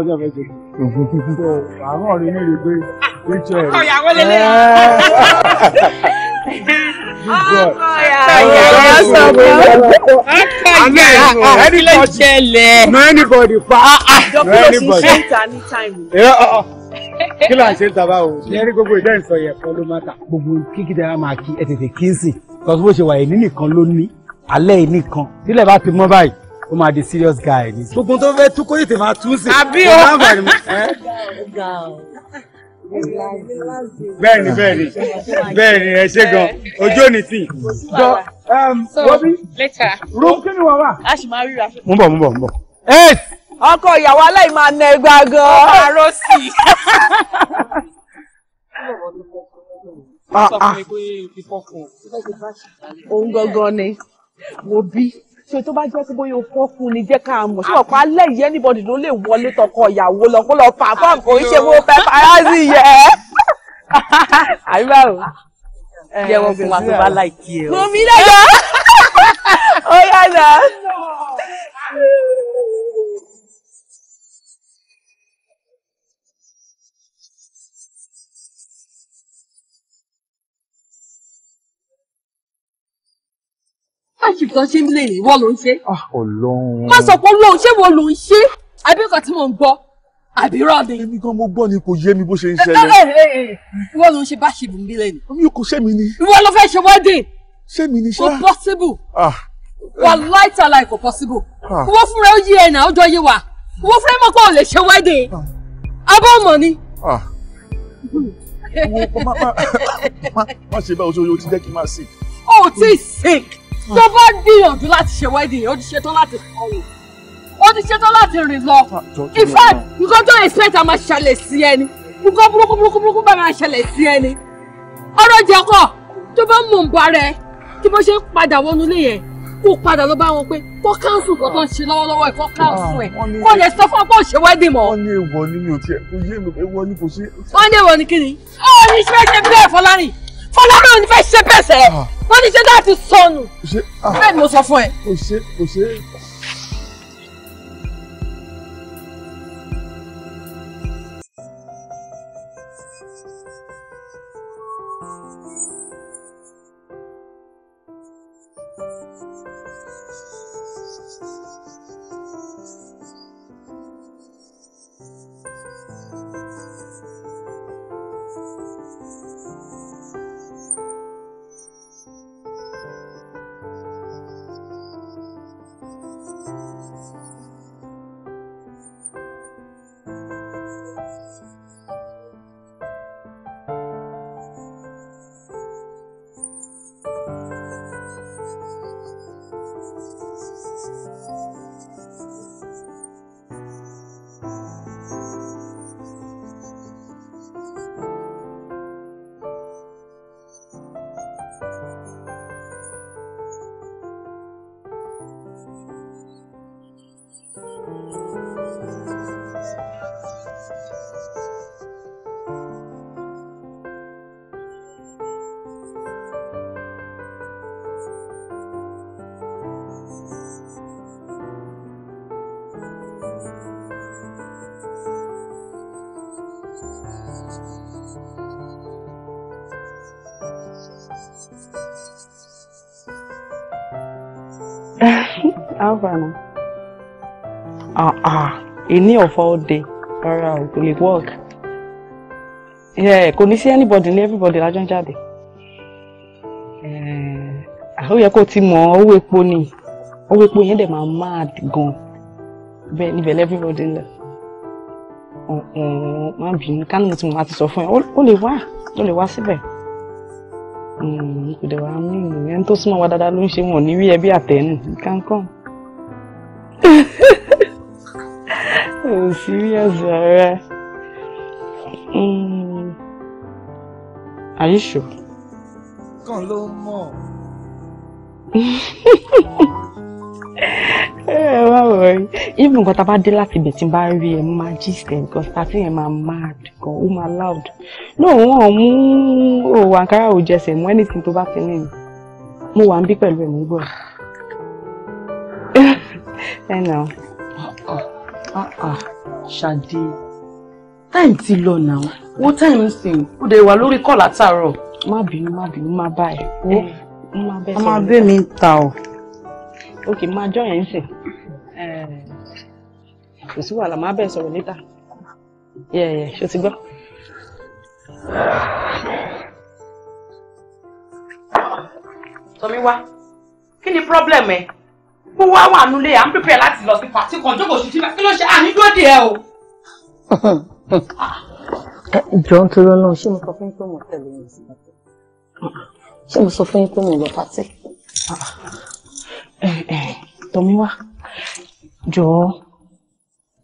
ọjọ́ fẹ́ ṣe so àwọn ọ̀rẹ́ mi rí pé wíṣọ eh. no anybody fa ah, ah. no kí ló ń ṣe eh, ah, ń nínú nìkan ló ní alẹ́ yìí nìkan tílẹ̀ bá ti mọ́ báyìí ó máa di serious guy ni. gbogbo tó fẹ́ tú kó tètè máa tún sí. àbí o bẹ́ẹ̀ni bẹ́ẹ̀ni bẹ́ẹ̀ni ẹ ṣe gan ojú òní tì. Um, so later. rúm kí ni wọ́n wà. a sì máa ríra. mo ń bọ̀ mo ń bọ̀ mo ń bọ̀. ọkọ ìyàwó aláì máa nà ẹgbàá gan. ó máa rọ sí i ah, ah. òun gangan ni mo bí ṣe tó bá jẹ́ sí bóyá fọ́ fún ni jẹ́ ká mọ̀ ṣé ọ̀pá ah. alẹ́ yìí anybody ló lè wọlé tọkọ ìyàwó lọ kó lọ perform kò ń ṣe mo fẹ́ parazzi yẹ. àyùbá o yẹ wọn fún wa tó bá láìkí ẹ o. mo mi lẹ́yìn. ó yà náà. láti kan ṣe ń lè rìn wọ́n ló ń ṣe. Ah, Ọlọ́run. má sọ pé Ọlọ́run ṣé wọ́n ló ń ṣe àbí nǹkan tí mò ń gbọ́ àbí rọ́ọ̀dì. èmi gan mo gbọ́ ni kò yé mi bó ṣe ń eh, ṣẹlẹ̀. Eh, eh, ìwọ ló ń ṣe báṣìbù ń bí lẹ́nu. omi kò ṣé mi ni. ìwọ ló fẹ́ ṣe wedding. ṣé mi ni ṣá. kò possible. wallahi taala kò possible. owó ah. fúnra ó yí ẹ̀ náà ó jọ yé wa owó hmm. fúnra mọ̀ kó lè ṣe wedding. Ah. abọ́ mọ̀ ni má ṣe báyìí oṣooṣo ti jẹ́ kí n máa sick. o ti sick tó bá gbìyànjú láti ṣe wedding ó ti ṣetán láti pọ̀ wò ó ti ṣetán láti rìn lọ in fact nǹkan tó expect a máa ṣẹlẹ̀ sí ẹni nǹkan burúkú burúkú burúkú bá máa ṣẹlẹ̀ sí ẹni ọ̀rọ̀ jẹ́kọ̀ tó bá mọ̀ ń bá rẹ tí bó ṣe ń padà wọnú ilé yẹn kó padà lọ bá wọn pé kó káńsù kan tó ń ṣe lọ́wọ́lọ́wọ́ ẹ̀ kó káńsù ẹ̀ ah, kó lè sọ fún ọ pé ò ṣe wedding mọ́. wọ́n ní èèwọ̀ ni mi ò tiẹ̀ kò yé mi èèwọ̀ ni kò ṣe. wọ́n ní èèwọ̀ ni kí ni. ó ní ṣe é ṣe bí ẹ̀fọ́ lárìn fọlọ́run ní fẹ́ ṣe pẹ̀sẹ̀ ah. wọ́n ní ṣe láti sọnù ah. bẹ́ẹ̀ ni mo sọ fún ẹ. kò ṣe kò ṣe alpha nù. èní ọ̀fọ̀ òde rárá o kò lè work Yeah, ní sí anybody ní everybody I ń jáde eh, ó I kó o ti more. owó epo ni owó epo yẹn dẹ̀ mad gone. bẹ́ẹ̀ níbẹ̀ everybody ń lọ máa bínú kánú mo ti mọ̀ àti sọ Only one, only one. wá ó lè wá síbẹ̀ mm, kò dẹ̀ wá mú ìrìn ẹni tó súnmọ́ wa dáadáa ló ń you can come oh, serious, alright. Eh? Mm. Are you sure? Come a more. ẹ wá wọ̀nyí even nǹkan tá a bá dé láti ibẹ̀ tí n bá rí ẹ̀ mo máa gist ẹ̀ nǹkan tàbí ẹ̀ máa mad gan ó máa loud náà wọ́n mú òwò àǹkárá òjẹsẹ̀ mú anything tó bá ti ní mi mo wà ń bí pẹ̀lú ẹ̀ mo ẹ nà. ṣáde táìmù ti lọ náà wọ́n táìmù ń sìn ó dẹ̀ wà lórí kọ́ látàárọ̀. má bínú má bínú má bá ẹ̀ ó a máa bẹ́ mi ta ọ̀. ok máa jọ yẹn ń sìn kò sí wàhálà máa bẹ̀ sọ̀rọ̀ níta yẹ̀yẹ̀ ṣó ti gbọ́. Tọ́míwá kí ni problem ẹ. Eh? mo wá wà nulẹ̀ à ń pèpè láti lọ sí pàtí kan jókòó ṣùtì máa kí ló ṣe àní dóde ẹ o. ìjọ ń torí ọlọ́run ṣé mo sọ fún yín pé mo tẹ̀lé yín sí pàtí ṣé mo sọ fún yín pé mo lọ pàtí. Eh, eh, tọ́míwá jọ̀ọ́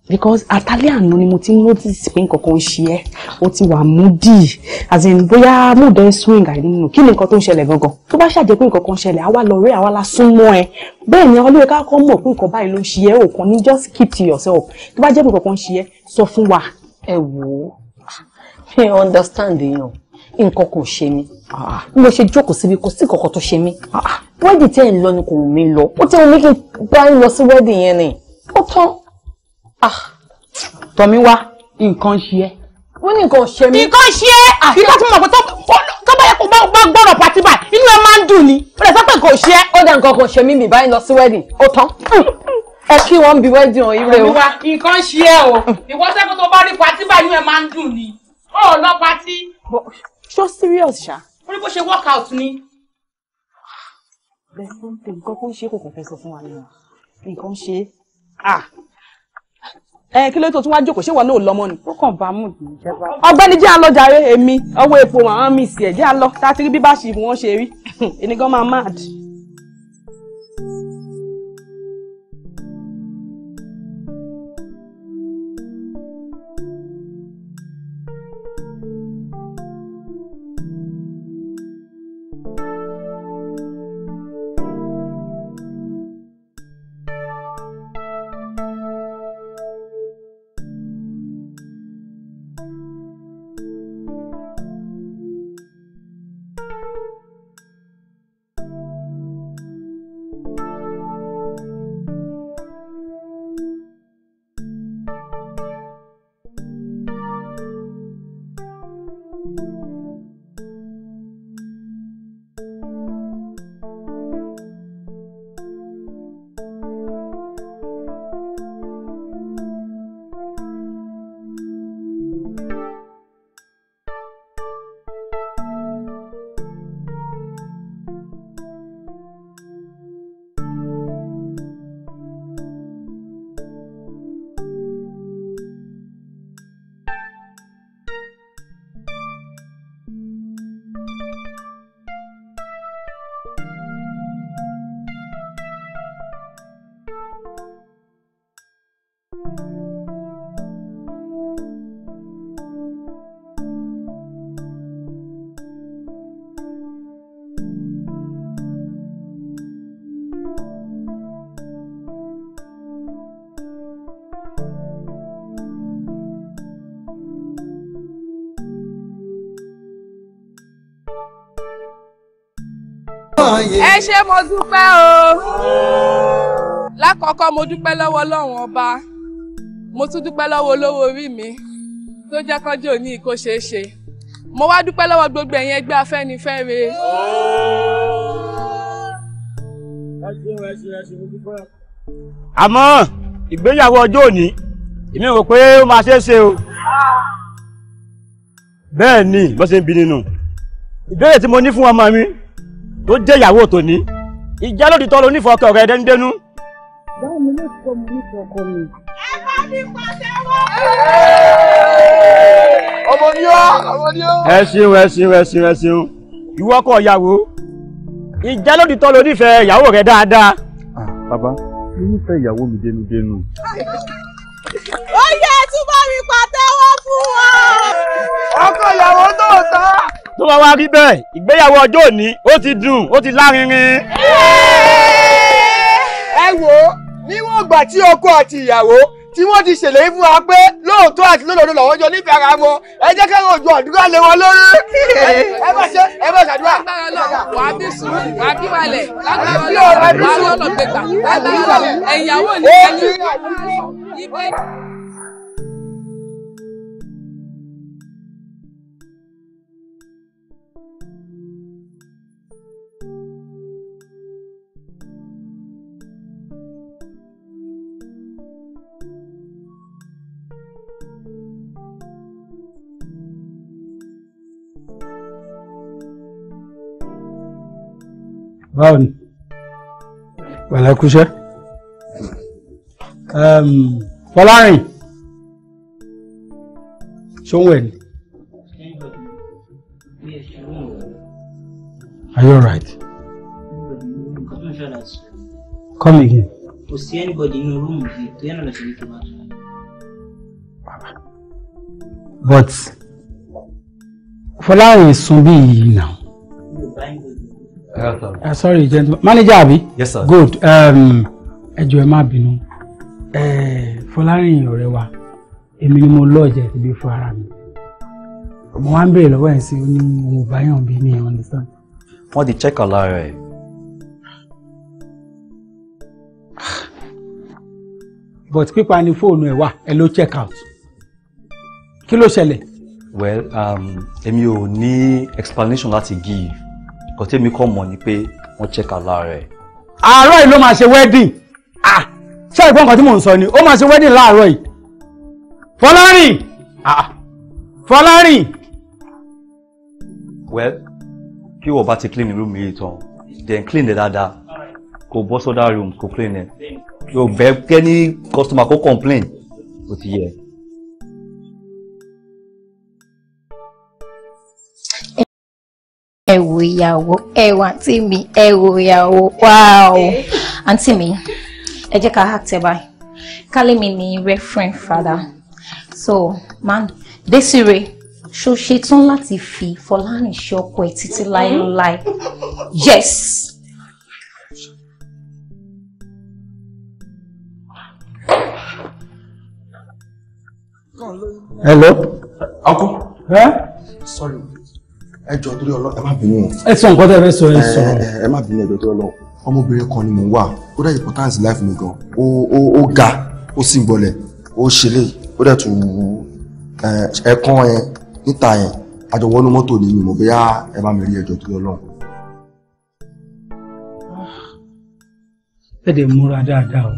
because àtàlẹ́ àná ni mo ti ń notice pé nǹkan kan ń ṣe ẹ́ o ti wà moody as in bóyá mood ẹ swing àìní nínú kí ni nǹkan tó ń ṣẹlẹ̀ gangan tó bá ṣàjẹ́ pé nǹkan kan ṣẹlẹ̀ àwa lọ rí àwa la sún mọ́ ẹ bẹ́ẹ̀ ni àwọn olóyè ká kọ́ mọ̀ pé nǹkan báyìí ló ń ṣe ẹ́ o kàn ní just keep to yourself tó bá jẹ́ pé nǹkan kan ń ṣe ẹ́ sọ fún wa. ẹ wò ó ṣe understand yẹn nǹkan kò ṣe mí ah. bí mo ṣe jókòó síbi kò sí kankan tó ṣe mí wẹ́ẹ̀dì tẹ́ ẹ̀ ń lọ ni kò wù mí lọ ó tẹ́ wọn mí kí n bá ń lọ sí wẹ́ẹ̀dì yẹn ni ó tán Ah. tọ̀mí wá nǹkan ṣe ẹ́. wọ́n ní nǹkan ṣe mí. nǹkan ṣe ẹ́ nǹkan ah. tí mo mọ̀ pé tó bá yẹ kó bá gbọ́dọ̀ pàtí báyìí inú ẹ máa ń dùn ni. ó lè sọ pé kò ṣe ẹ́. ó dá nǹkan kan ṣe mí mi báyìí lọ sí wedding ó tán ẹ kí wọn bí wẹ́ẹ̀dì hàn ire o. nǹkan ṣe ẹ o ìwọ sẹ́kù tó bá rí patí báyìí ẹ máa ń dùn ni ó lọ patí. ṣó serious ṣá. ó ní bó ṣe work out ni. bẹ́ẹ̀ ló ń pè nǹkan kó ń ṣe kò kò fẹ́ sọ fún wa ni nǹkan ṣe é ẹ kí ló tó tún wá jókòó ṣé wọn náà lọmọ ni. ó kàn bá mú mi jẹba. ọ̀gbẹ́ni jẹ́ àlọ jàre èmi ọwọ́ epo màá mi sì ẹ̀ jẹ́ àlọ tá a ti rí bí bá ṣì wọ́n ṣe rí ènìgàn máa máa dì. yìí. ẹ ṣé mo dúpẹ́ o lákọ̀ọ́kọ́ mo dúpẹ́ lọ́wọ́ Ọlọ́run ọba mo tún dúpẹ́ lọ́wọ́ olówó orí mi tó jẹ́ kọ́jọ́ òní kó ṣeé ṣe mo wá dúpẹ́ lọ́wọ́ gbogbo ẹ̀yin ẹgbẹ́ Afẹ́nifẹ́re. àmọ́ ìgbéyàwó ọjọ́ òní èmi rò pé ó máa ṣeé ṣe o bẹ́ẹ̀ ni bó ṣe ń bi nínú ìbéèrè tí mo ní fún ọmọ mi tó jẹ́ ìyàwó tòní ìjẹ́ lòdì tọ́ lo nífọ̀ọ́ ọkọ rẹ dẹ́nudẹ́nu. báwo ni yóò fọ́ mi nífọ̀ọ́ ọkọ mi. ẹ bá mi pàṣẹ wọ́n. ọmọ ni ó ẹ ṣeun ẹ ṣeun ẹ ṣeun ìwọ kọ ìyàwó ìjẹ́ lòdì tọ́ lo nífẹ̀ẹ́ ìyàwó rẹ dáadáa. Ah, bàbá mo nífẹ̀ẹ́ ìyàwó mi dénudénu. ó yẹ ẹ bá mi pàtẹ́wọ́ fún wa. ọkọ ìyàwó tó sá tó bá wá rí bẹ́ẹ̀ ìgbéyàwó ọjọ́ òní ó ti dùn ó ti lárinrin. ẹ wò ó níwọ̀n ìgbà tí ọkọ àti ìyàwó tí wọ́n ti ṣèlérí fún wa pé lóòótọ́ àti lódodo lọ́wọ́ jọ nífẹ̀ẹ́ ara wọn ẹ jẹ́ kẹ́rọ òjò àdúrà lé wọn lórí. ẹ bá ṣe ẹ bá ṣàdúrà. agbára lọ wà á bí sùn wà á bí wàlẹ̀ lágbára lọ wà á lọ́nà gbẹgbà lágbára lọ ẹ̀yàwó ní ẹni. báwo ni pẹ̀lẹ́kúṣẹ́ fọlárin ṣóhun ẹ̀ ni. Are you alright? Come again. Kò sí anybody inú rúùmù yìí tó yẹn náà lọ sí ibi tó bá tó. But Fọlárin sùn bí yìí náà. Uh, sorry gentleman manager abi. yes sir. good um, ẹ jọ̀ọ́ ẹ má bínú Fọlárìn ọ̀rẹ́ wa èmi ni mo lọ́ọ̀jẹ̀ síbi fún ara mi mo wá ń béèrè lọ́wọ́ ẹ̀ sí ní ohun ìbáyàn bíi ní ẹ̀wọ̀n nìkan. wọ́n ti check ọ̀la rẹ̀. but pípa ni fóònù ẹ̀ wà ẹ ló check out kí ló ṣẹlẹ̀. well um, èmi um, ò ní explanation láti give nǹkan tẹ́mi kọ́ mọ̀ ni pé wọ́n check out lára ẹ̀. àárọ̀ yìí ló máa ṣe wedding ah ṣé ìgbọ́n nǹkan tí mò ń sọ ni ó máa ṣe wedding láàárọ̀ yìí fọlárìn ah fọlárìn. well kí wọ́n bá ti clean room yìí tán then clean it dáadáa kò bọ́ sọ́dá room kò clean it yóò bẹ́ẹ̀ kẹ́ ní customer kó complain ó ti yẹ. Yeah. ẹ wo ìyàwó ẹ wo àǹtí mi ẹ wo ìyàwó wáò àǹtí mi ẹ jẹ́ ká àtẹ báyìí kálẹ́mi ni referent father so man Desire ṣo ṣetán láti fi Fọlárìn ṣe ọkọ ẹ títí láéláé yes. hello. uncle. Huh? sorry ẹ jọ torí Ọlọ́run ẹ má bínú. ẹ sọ nǹkan tẹ́ fẹ́ sọ ẹ sọ. ẹ má bínú ẹjọ torí Ọlọ́run ọmọbìnrin kan ni mò ń wà ó dá importance life mi gan o o ó ga ó sì ń gbọlẹ̀ ó ṣe lè ó dẹ̀ tún ẹ̀kan yẹn níta yẹn àjọwọ́nú mọ́tò ni mo bóyá ẹ bá mi rí ẹjọ́ torí Ọlọ́run. tẹ́lẹ̀ múra dáadáa o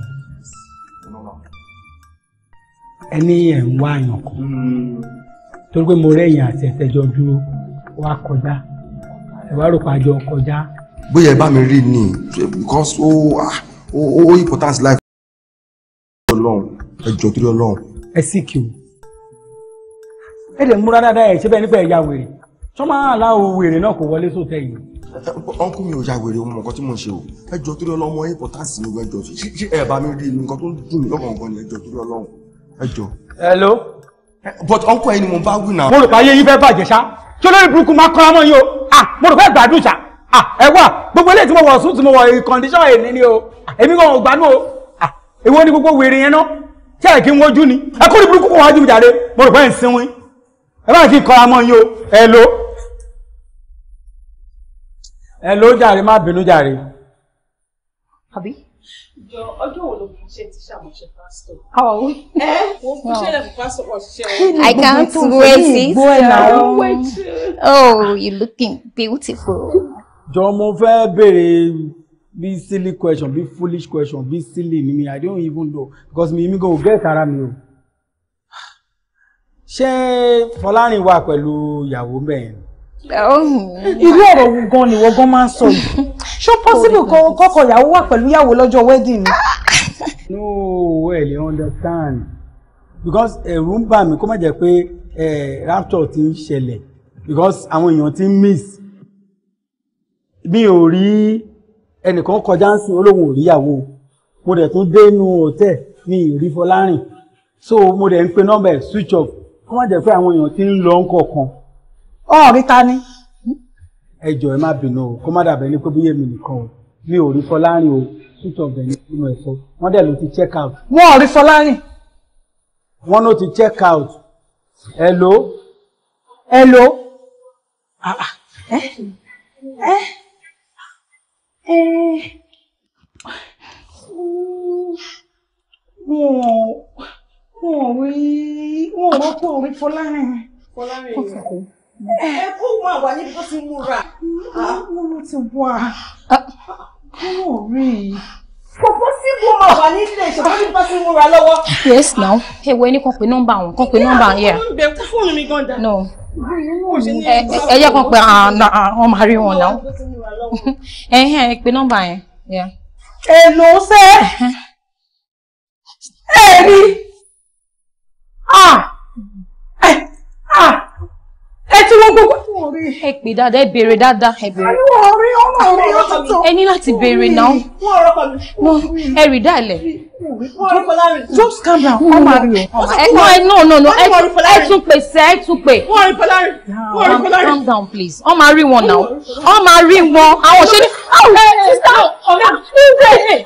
ẹni ẹ̀ ń wá àyàn kan hmm. torí pé mo rẹ́yìn àti ẹ̀tẹ́jọ́ dúró wá kọjá ẹ wá rò pàjọ kọjá. bóyá ẹ bá mi rí ni because ó ó ó important life. ọlọ́run ẹ torí ọlọ́run. ẹ sì kí o ẹ lè múra dáadáa ẹ ṣe bẹ́ẹ̀ nípa ẹ̀yà wèrè tó máa ń láwọ wèrè náà kò wọlé sóòtẹ́ yìí. ọkùnrin mi ò ya wèrè ọmọ nǹkan tí mò ń ṣe o ẹ jọ torí ọlọ́mọ importance mi gbẹ́jọ ṣé ẹ bá mi rí ni nǹkan tó ń dùn mí lọ́kàn gan ni ẹ jọ torí ọlọ́run ẹ jọ. hello. but ọkùnrin ẹni mo bá wí náà. mo rò pé ayé yín fẹ́ bàjẹ́ ṣá kí olórí burúkú máa kọ́ra mọ́ o ah mo rò pé gbádùn ṣá ah ẹ wà gbogbo eléyìí tí mo wọ̀ sùn tí mo wọ̀ condition èmi ni o èmi kò wọ́n gbanú o ah èwo ni gbogbo wèrè yẹn náà tí ẹ̀ kí n wojú ni ẹ kó ní burúkú kó wájú mi jáde mo rò pé ń sinwin ẹ bá kí n kọ́ra mọ́ yín o ẹ lo ẹ lo jàre má bínú jàre. àbí ọjọ́ wo ló fi ṣe ti ṣàmọ̀ṣẹ́ Oh. I can't wait. It. Oh, you're looking beautiful. Jọ̀ọ́ mo fẹ́ béèrè bí silly question bí foolish question bí silly ni mi I don't even know because mi mi go get ara mi o. Ṣé Fọlárin wà pẹ̀lú ìyàwó mẹ́rin? Oh. Irú ọ̀rọ̀ wo gan ni wọ́n gan máa ń sọ yìí? Ṣé possible kọ́kọ́ ìyàwó wà pẹ̀lú ìyàwó lọ́jọ́ wedding ni? no well you understand because ẹ̀rù ń bà mí kó má jẹ́ pé eh, rapture ti ń ṣẹlẹ̀ because àwọn èèyàn ti ń miss mi ò rí ẹnìkan kọjá ń sìn olóhùn òríyàwó mo dẹ̀ tún dé inú hòtẹ́ẹ̀ ní ìrí Fọlárìn so mo dẹ̀ ń pe nọ́mbà switch off kó má jẹ́ pé àwọn èèyàn ti ń lọ ńkọ̀ọ̀kan ọ̀rí ta ni ẹjọ́ ẹ má bínú o kó má dàbẹ̀ ní pé bí yémi nìkan o mi ò rí Fọlárìn o switch off ẹ̀ ní nínú ẹ̀fọ́ wọ́n dẹ̀ ló ti check out wọ́n ò rí Fọlárìn wọ́n ló ti check out hello hello ẹ ẹ ẹ wọn wọn rí wọn ò rọ́pò rí Fọlárìn. Fọlárìn yìí ẹ kó wọn àwà níbi tó ti múra. mo ti wà mo rí i. Yes, wà Hey, ìṣòro you bá Number one. múra number one. Yeah. No. ẹni kan pe nọ́mbà àwọn kan pe nọ́mbà yẹ. no ẹ yẹ kan pe àwọn máa rí wọn náà ẹ ẹ pe nọ́mbà yẹn. èlò ṣe é uh-huh. rí ẹ ti wọ́n gbogbo. ẹ pè dáadáa ẹ béèrè dáadáa ẹ béèrè. àwọn ọ̀rẹ́ ọmọ ọ̀rẹ́ ọ̀tọ̀tọ̀. ẹ ní láti béèrè náà. ẹ rí dálẹ̀. just calm down wọ́n máa rí o. ẹ no ẹ no no no ẹ tún pè sẹ́ ẹ tún pè. wọ́n rí pẹ́lárì. calm down please wọ́n máa rí wọn náà wọ́n máa rí wọn àwọn ṣe ní. ọ̀rẹ́ sista ọ̀rẹ́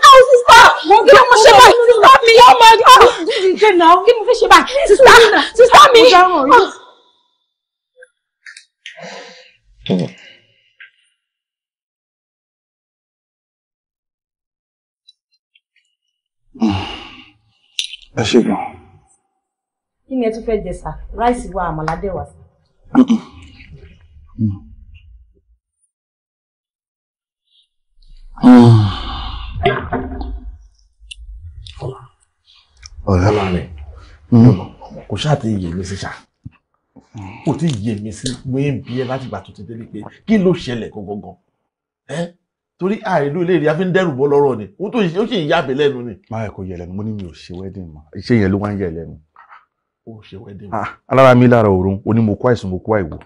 àwọn sista kí ló mo ṣe báyìí sista mi. kí ni mo fẹ́ ṣe báyìí sista sista mi. Todo. Ẹ ṣe gan. Kí ni ẹ tún fẹ́ jẹ sá? Ráìsì wa àmàlà dẹ̀ wá. Ọ̀rẹ́ máa rẹ̀. Kò ṣáà ti yè mí sí ṣáà kò tí ì yé mi sí wéé ń bí ẹ láti ìgbà tó ti délé pé kí ló ṣẹlẹ̀ gangan ẹ torí àìlú ilé ìrìn afi ń dẹ́rù bọ́ lọ́rọ̀ ni ó tó ó sì yá abẹ lẹ́nu ni. máa kò yẹ lẹ́nu mo ní mi ò ṣe wedding ma iṣẹ́ yẹn ló wá ń yẹ lẹ́nu. ó ṣe wedding ma. Ah, alára mi lára òru o ní mo kó àìsàn mo kó àìwò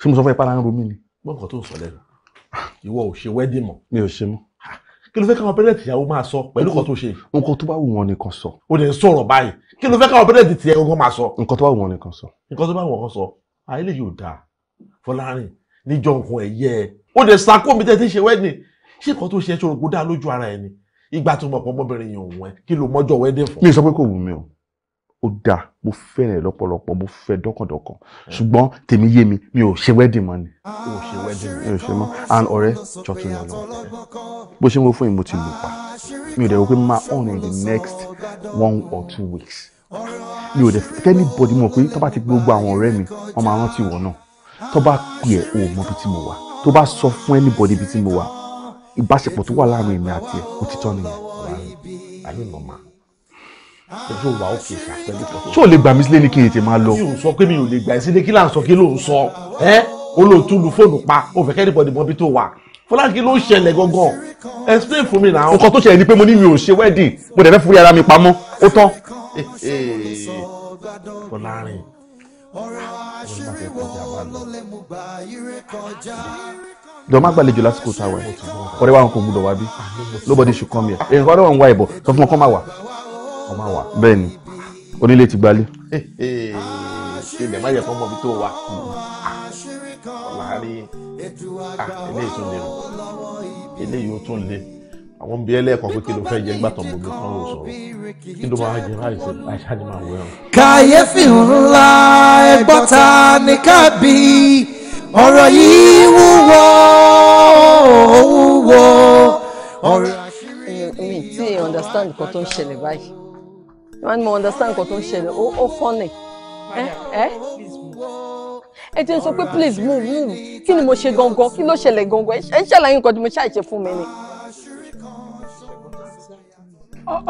ṣé mo sọ fún ẹ pàrọ̀ ń ro mí ni. gbọ́dọ̀ tó sọ lẹ́nu ìwọ ò ṣe wedding mọ́. mi ò ṣe mọ́ kí ló fẹ́ káwọn pẹ́rẹ́ǹtì ìyàwó máa sọ pẹ̀lú nǹkan tó ṣe. nǹkan tó bá wù wọn nìkan sọ. o lè sọ̀rọ̀ báyìí kí ló fẹ́ káwọn pẹ́rẹ́ǹtì tiẹ̀ kankan máa sọ. nǹkan tó bá wù wọn nìkan sọ. nǹkan tó bá wù wọn sọ ayélujá yóò dáa fọlárin níjọ nǹkan ẹ̀yẹ ẹ̀ o lè sàkó mi tẹ́tí ṣe wẹ́ẹ̀nì ṣé nǹkan tó ṣe ṣòro kó dá lójú ara ẹ̀ ni ìgbà tó mọ̀ pọ̀ ọmọbìnrin yìí òun ẹ̀ kí ló mọ́jọ́ wẹ́ẹ̀dẹ̀ fún. mi ò sọ pé kò wù mí o ó dáa mo fẹ́rẹ̀ lọ́pọ̀lọpọ̀ mo fẹ́ dọ́kàndọ́kàn ṣùgbọ́n tèmi yé mi mi ò ṣe wedding mọ́ ni mi ò ṣe wedding mi ò ṣe mọ́ and ọ̀rẹ́ jọ̀tún yàn lọ bó ṣe ń wo fún yìí mo ti lù pa mi ò dẹ̀ wò pé máa on in the next one or two weeks mi ò dẹ̀ tẹ́lẹ̀ bọ́dí mọ̀ pé tó bá ti gbogbo àwọn ọ̀rẹ́ mi wọ́n máa rántí wọ̀ náà tó bá pè ẹ́ o mọ̀ ibi tí mo wà tó bá sọ fún anybody ibi tí mo wà ìbáṣepọ̀ tó wà láàrin èmi àti ẹ̀ òtítọ́ nìyẹn àlọ́ ìlọ́mà ojú wa òkè ṣàpẹlú kan. ṣé o lè gbà mí sílé ni kí n tè máa lọ. mi ò sọ pé mi ò lè gbà ẹ sílé kí là ń sọ kí ló ń sọ ẹ olóòtú lu fóònù pa o fẹ́ kẹ́ni bọ̀dì mọ́bí tó wà fúlákì ló ń ṣẹlẹ̀ gangan explain fún mi náà. nǹkan tó ṣẹlẹ̀ ni pé mo ní mi ò ṣe wedding mo dẹ̀ fẹ́ fún yàrá mi pamọ́ ó tán. Eh, eh, fọlárin jọ má gbàlejò lásìkò táwa ẹ wa kò gbúdọ̀ wá bí nobody should come here nǹkan ọ̀rẹ́ wa ń wá ìbọ̀ sọ fún wọn kọ́ wà ọmọ wa. bẹ́ẹ̀ni onílé ti gbalé. ilẹ̀ má yẹ kó mọ ibi tó wa láàárín ah, eléyìí tún lè rò eléyìí ó tún lè àwọn bí ẹlẹ́ẹ̀kan pé kí ló fẹ́ jẹ gbàtàn gbogbo kan ò sọ̀rọ̀ kí ló máa jẹ láì sí àṣàjì máa wẹ̀ ọ́. kàyéfì ńlá ẹgbọ́ta ní kábí ọ̀rọ̀ yìí wúwo wúwo. ọ̀rọ̀ àṣírí mi. mi ti understand nǹkan tó ń ṣẹlẹ̀ báyìí wọ́n ní mo understand nǹkan tó ń ṣẹlẹ̀ ó funny eh? Eh? ẹ jẹ́ n sọ pé please move move kí ni mo ṣe gangan kí ló ṣẹlẹ̀ gangan ẹ ń ṣàlàyé nǹkan tí mo ṣàìṣe fún mi ni.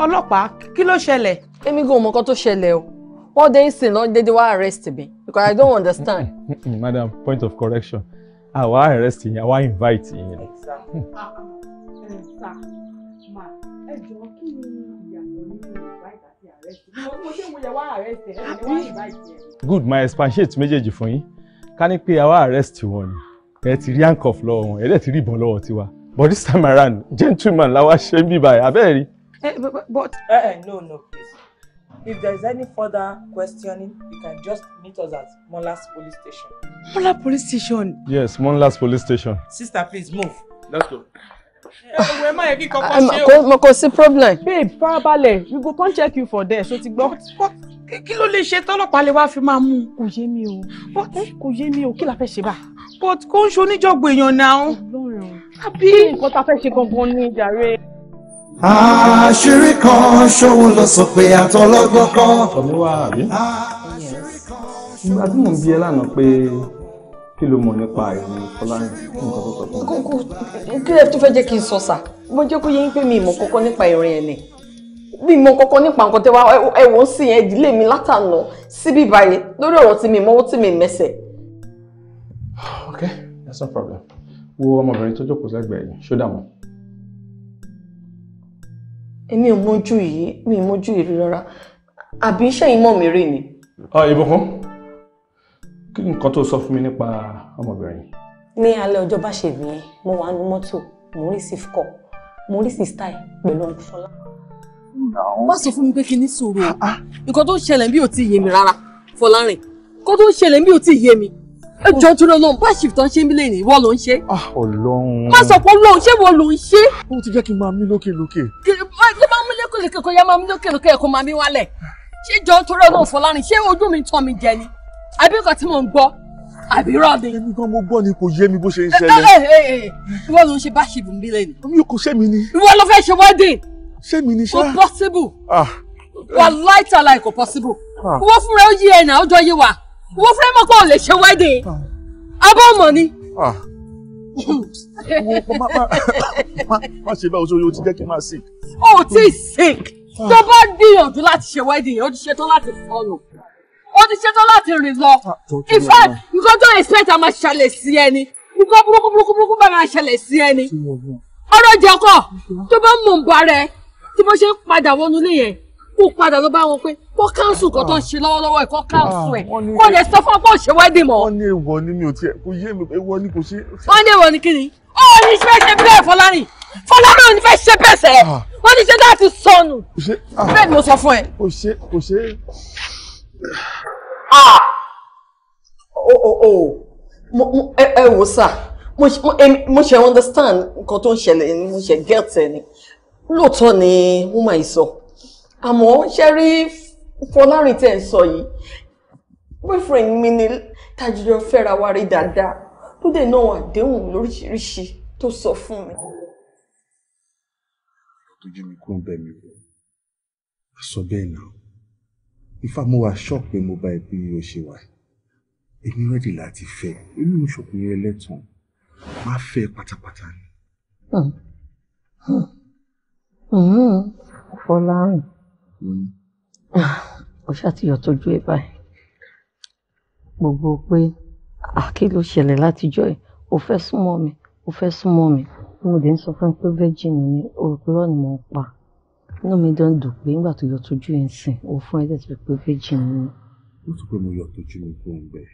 ọlọ́pàá kí ló ṣẹlẹ̀. èmi gan mọ̀ nǹkan tó ṣẹlẹ̀ o wọ́n dé ń sìn lọ́n dédé wá arrest me because i don't understand. Mm-hmm. Mm-hmm. madam point of correction àwa ah, arrest yín àwa invite yín. Ah, ah, ẹ jọ kí ni ìyàtọ̀ nínú ìbáyìí good my expansion méjèèjì fún yín ká ní pé àwa arrest wọn ni ẹ ti rí handcuff lọ́wọ́ wọn ẹ dẹ̀ ti rí ìbọn lọ́wọ́ tiwa but this time around gentleman làwa ṣe ń bí báyìí abẹ́ẹ̀ rí. Eh, but eh, eh, no no please if there is any further questioning you can just meet us at Mola's police station. Mola police station. yes Mola's police station. sister please move. let's go ẹwẹ má yẹ kí kankan ṣe o. kò sí problem. babe farabalẹ̀ we go come check you for there so ti gbọ́. kí ló lè ṣe tọ́lọ́pàá lè wá fi máa mú un. kò yé mi o kò yé mi o kí la fẹ́ ṣe bá. but kò ń ṣe oníjọ̀gbọ̀n èèyàn náà. àbí nǹkan tá a fẹ́ ṣe gangan ní ìjàre. àṣírí kan ṣòwò ló sọ pé àtọlọ́gbọ́n kan. ọ̀mí wá àbí. ìgbà tí mò ń bí ẹ lánàá pé kí ló mọ̀ nípa ìrìn fọláyìn nǹkan tó sọ fún mi. kí lè tó fẹ́ jẹ́ kí n sọ sà mo jẹ́ kó yẹ yín pé mi ìmọ̀ kọ́kọ́ nípa ìrìn ẹ̀ ni mi ìmọ̀ kọ́kọ́ nípa nǹkan tẹ́wà ẹ̀wọ̀n sì yẹn ìdílé mi látànà síbí báyìí lórí ọ̀rọ̀ tí mi mọ́wọ́ tí mi mẹ́sẹ̀. ok that's no problem wo ọmọbìnrin tó jókòó sẹ́gbẹ̀ẹ́ yìí ṣó dààmú. èmi ò mójú yìí mi ò mójú yìí rárá àbí iṣẹ́ yìí mọ̀ mí rí ni. Ah, ìbùkún kí ni nǹkan tó sọ fún mi nípa ọmọbìnrin. ní alẹ́ ọjọ́ bá ṣe nìyẹn mo wà nínú mọ́tò mo rí sifkọ mo rí sista ẹ̀ pẹ̀lú ọ̀nkú fọlá. má sọ fún mi pé kí ni sòrò o ah, ah. nǹkan tó ń ṣẹlẹ̀ bí ò tí ì yé mi rárá fọlárìn nǹkan tó ń ṣẹlẹ̀ bí ò tí ì yé mi ẹ jọ tún lọ́n bá ṣìfì tán ṣe ń bílẹ̀ ní ìwọ ló ń ṣe. Ah, ọlọ́run. má sọ pé ọlọ́run ṣé ìwọ ló ń ṣe. ó ti jẹ́ kí n máa mí lókèlókè. ló máa ń mú lókèlókè kó yá máa mí lókèlókè kó máa mí wálẹ̀. ṣé jọ tún lọ́n fọlárìn ṣé ojú mi tán mi jẹ ni àbí nǹkan tí mò ń gbọ́ àbí rọ́ọ̀dì. èmi gan mo gbọ́ ni kò yé mi bó ṣe ń eh, ṣẹlẹ̀. Eh, eh, ìwọ ló ń ṣe báṣìbù ń bí lẹ́nu. mi kò ṣe mi ni. ìwọ ló fẹ́ ṣe wedding. ṣé mi ni ṣá. kò possible. wà láìta láì kò possible. owó ah. fúnra ó yí ẹ̀nà ọjọ́ yé wa owó fúnra mọ̀ pé ò lè ṣe wedding. Ah. abọ́ mọ̀ ni. Ah. má ṣe bá oṣooṣo ti jẹ́ kí n máa sick. o ti sick tó bá gbìyànjú láti ṣe wedding yẹn ó ti ṣetán láti fọ́nù ó ti ṣetán láti rìn lọ ah, in fact nǹkan tó expect a máa ṣàlẹ̀ sí ẹni nǹkan burúkú burúkú burúkú bá máa ṣẹlẹ̀ sí ẹni ọ̀rọ̀ jẹ́kọ̀ tó bá mọ̀ ń bọ̀ rẹ tí mo ṣe ń padà wọnú ilé yẹn kó padà ló bá wọn pé kó káńsù kan tó ń ah. ṣe lọ́wọ́lọ́wọ́ ẹ̀ kó káńsù ẹ̀ kó lè sọ fún ọ pé ò mọ́. wọ́n ní èèwọ̀ ni mi ò tiẹ̀ kò yé mi èèwọ̀ ni kò ṣe. wọ́n ní èèwọ̀ ni kí ni ó ní fẹ́ ṣe bẹ́ẹ̀ fọlárìn fọlárìn ò ní fẹ́ ṣe bẹ́ẹ̀ sẹ́ ah. wọ́n ti ṣe láti sọnù bẹ́ẹ̀ ni mo sọ fún ẹ. kò ṣe kò ṣe Ah! Oh, oh, oh. ẹ wò sà mo ṣe understand nǹkan tó ń ṣẹlẹ̀ ni mo ṣe get ẹ ni lóòótọ́ ni wọ́n máa sọ àmọ́ ṣe rí fọlárin tẹ̀ ń sọ yìí boyfriend mi ni tajúdọ̀ fẹ́ra wa rí dáadáa tó dẹ̀ náà àdéhùn lóríṣiríṣi tó sọ fún mi. tójú mi kún bẹ́ẹ̀ mi ò sọ bẹ́ẹ̀ náà ifá mo wà ṣọ́ pé mo bá ẹ o ṣe wà èmi rẹ́dì láti fẹ́ èmi mo ṣòkùnrin ẹlẹ́tàn má fẹ́ pátápátá ni. fọlárìn hmm. ó ṣàtìyàn tójú ẹ báyìí gbogbo pé àkí ló ṣẹlẹ̀ látijọ́ ẹ̀ ò fẹ́ súnmọ́ mi ò fẹ́ súnmọ́ mi mo dé ń sọ fún un pé virgin ni òpùrọ́ ni mò ń pa inú mi dán dùn pé nígbà tó yọ tójú ẹ̀ ń sìn ó fún ẹ̀dẹ̀ tó pé méjì ni. ó sọ pé mo yọ tójú mi kó ń bẹ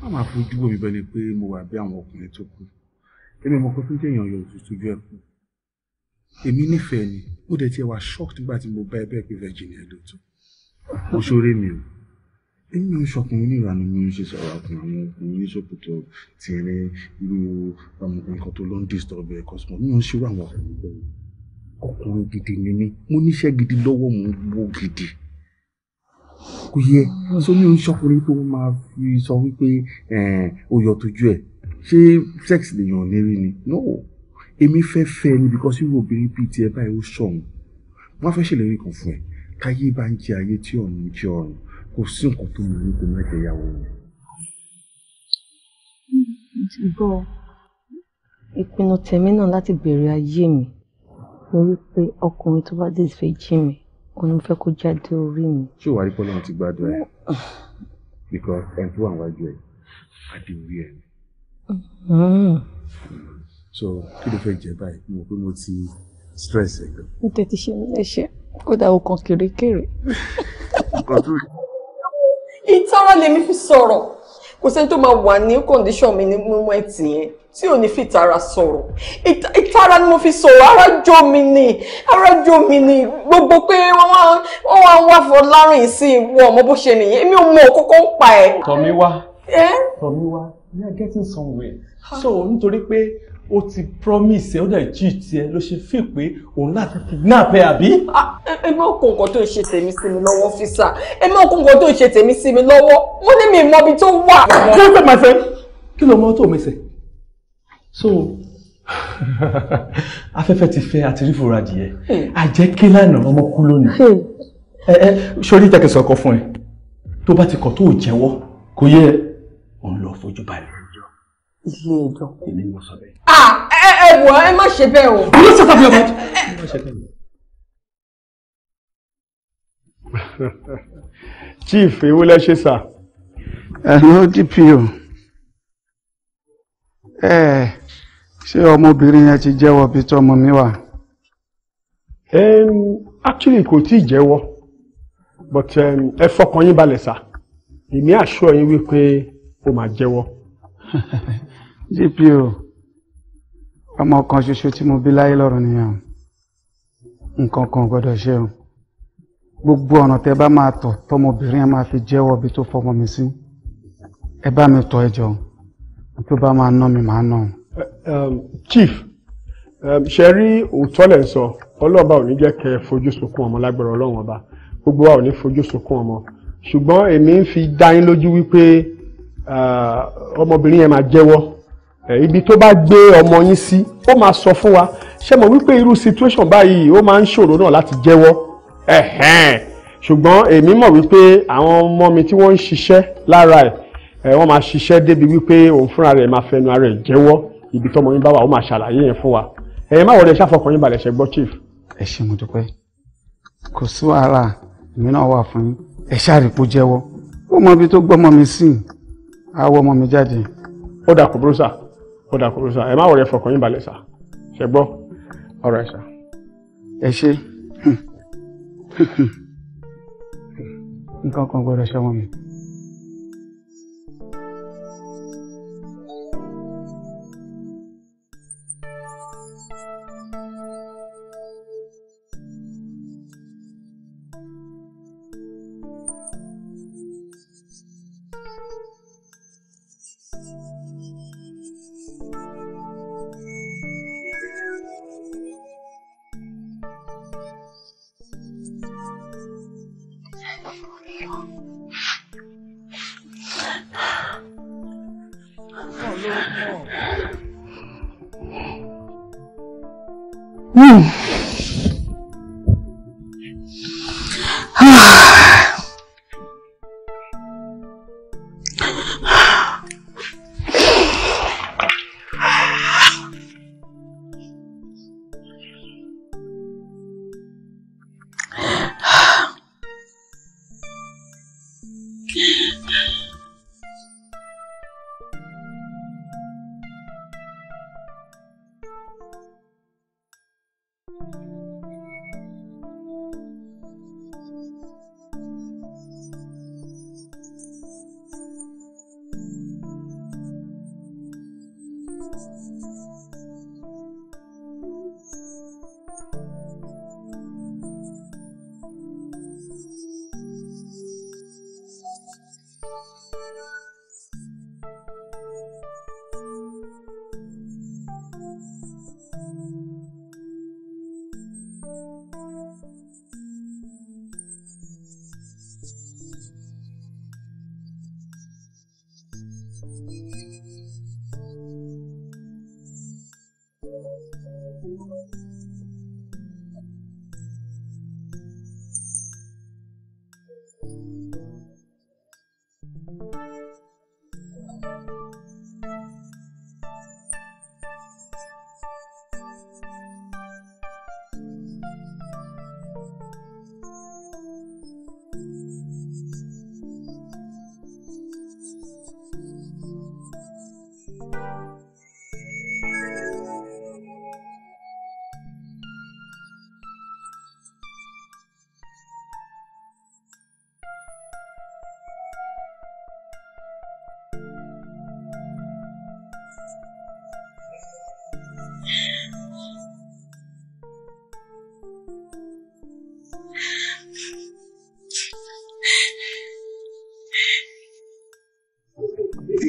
má máa fojú bò mí bẹ́ni pé mo wà bí àwọn ọkùnrin tó kù èmi mo kọ́ tó jẹ́ yọ tójú ẹ̀ kù èmi nífẹ̀ẹ́ ni ó dẹ̀ tiẹ̀ wá shock nígbà tí mo bá ẹ bẹ́ẹ̀ pé virginia ló tó ó ṣoré mi o èmi ò ṣọkùnrin níranú mi ń ṣe sọ̀rọ̀ ọkùnrin àwọn ọkùnrin oníṣòkòtò tìrín irú ọmọkùnrin kan tó ló ń disturb ẹ̀ kọ́sùmọ̀ mi ò ń ṣírò àwọn ọkùnrin bẹ́ẹ̀ ọkùnrin gidi ni mí mo níṣẹ́ gidi lọ́wọ́ mo ń gbó gidi kò yẹ so mi ò ń ṣọkùnrin tó máa fi sọ wípé ó yọ tójú ẹ̀ ṣé sex lèèyàn ní rí ni no èmi fẹ́ fẹ́ ni because irú obìnrin bíi tiẹ̀ báyìí ó ṣọ̀hún wọ́n á fẹ́ ṣèlérí kan fún ẹ káyé bá ń jẹ ayé tí ọ̀run ń jẹ ọ̀run kò sí nǹkan tó mọ̀ ní kò ìyàwó rẹ̀. ìgbọ́ ìpinnu tèmi náà láti bẹ̀rẹ̀ ayé mi mo rí pé ọkùnrin tó bá dé fẹ́ jí mi òun fẹ́ kó jáde orí mi. ṣé wàá rí pé ọlọ́run ti gbádùn ẹ̀ because ẹni tó wà wájú ẹ̀ àti orí ẹ̀ mm-hmm. so kí ló fẹ́ jẹ báyìí mo pé mo ti stress ẹ̀ gan. mo tẹ̀ ti ṣe mí lẹ́sẹ̀ kódà o kàn kéré-kéré. ìtara lèmi fi sọ̀rọ̀ kò sẹ́ni tó máa wà ní kọ́ndíṣọ̀n mi ní mímú ẹ̀ tì yẹn tí o ní fi tara sọ̀rọ̀ ìtara ni mo fi sọ̀rọ̀ ara jó mi ni ara jó mi ni gbogbo pé wọ́n wá ń wá Fọlárìn sí ìwọ ọmọ bó ṣe nìyẹn èmi ò mọ òkókó ń pa ẹ̀. tọ̀mí wá tọ̀mí wá we are getting somewhere so nítorí pé o ti promise ẹ o dẹ̀ jí tiẹ̀ ló ṣe fi pé òun láti kidnap ẹ àbí. ẹ má kó nǹkan tó ń ṣe tèmi sí mi lọ́wọ́ físà ẹ má kó nǹkan tó ń ṣe tèmi sí mi lọ́wọ́ wọ́n ní mi ìmọ̀bi tó wà. kí ló ń pè máa fẹ́ kí ló mọ́ tó mẹsẹ̀ so afẹ́fẹ́ ti fẹ́ àti rífò ra hmm. dìé àjẹkẹ́ lánàá ọmọ kú lónìí hmm. ẹ ẹ sórí ìtẹ̀kẹsọ̀ ọkọ fún ẹ tó bá ti kọ̀ tó jẹ́wọ́ kò yẹ òun lọ fojú balẹ̀ ilé ẹjọ́. èmi ni mo sọ bẹ́ẹ̀. ah ẹ ẹ wọ ẹ má ṣe bẹ́ẹ̀ o. you no set up your mouth. chief ewu lẹ ṣe sà. ẹ ló dp o. ẹ. Eh ṣé ọmọbìnrin yẹn ti jẹ́wọ́ bí tọ́mọ mi wà. actually kò tí jẹ́wọ́ but ẹ fọkàn yín balẹ̀ sá èmi àṣọ yín wípé ó máa jẹ́wọ́. GPO ọmọ kan ṣoṣo tí mo bí láyé lọ́rùn nìyẹn nǹkan kan gbọ́dọ̀ ṣe o gbogbo ọ̀nà tẹ bá máa tọ̀ tọmọbìnrin máa fi jẹ́wọ́ bí tó fọmọ mi sí ẹ bá mi tọ́ ẹ jọ tó bá máa ná mi máa ná o. Um, chief um, ṣe rí òótọ́ lẹ̀ ń sọ ọlọ́ọ̀bá ò ní jẹ́ kẹ́ ẹ fojú sunkún ọmọ lágbára ọlọ́run ọba gbogbo wa ò ní fojú sunkún ọmọ ṣùgbọ́n èmi ń fi dá lójú wípé ọmọbìnrin yẹn máa jẹ́wọ́ ibi tó bá gbé ọmọ yín sí ó máa sọ fún wa ṣe mọ̀ wípé irú situation báyìí ó máa ń ṣòro náà láti jẹ́wọ́ ṣùgbọ́n èmi mọ̀ wípé àwọn ọmọ mi tí wọ́n ń ṣiṣẹ́ lára ẹ̀ wọ́n máa ṣiṣẹ́ débi wípé òun fúnra rẹ̀ máa fẹnu ara ẹ̀ jẹ́wọ́ ibi tọmọ yín bá wà ó máa ṣàlàyé yẹn fún wa ẹ má wọlé ṣàfọkàn yín balẹ̀ ṣe gbọ́ chief. ẹ ṣé mo dúpẹ́ kò sí wàhálà èmi náà wà fún yín ẹ ṣàrìpọ̀ jẹ́wọ́ ó mọ ibi tó gbọ́mọ mi sí àwọ ọmọ mi jáde. ó dà kúburú sà ó dà kúburú sà ẹ má wọlé fọkàn yín sà ṣe gbọ́ ọ̀rọ̀ ẹ̀ sà. ẹ ṣé nǹkan kan gbọ́dọ̀ ṣe wọn mi.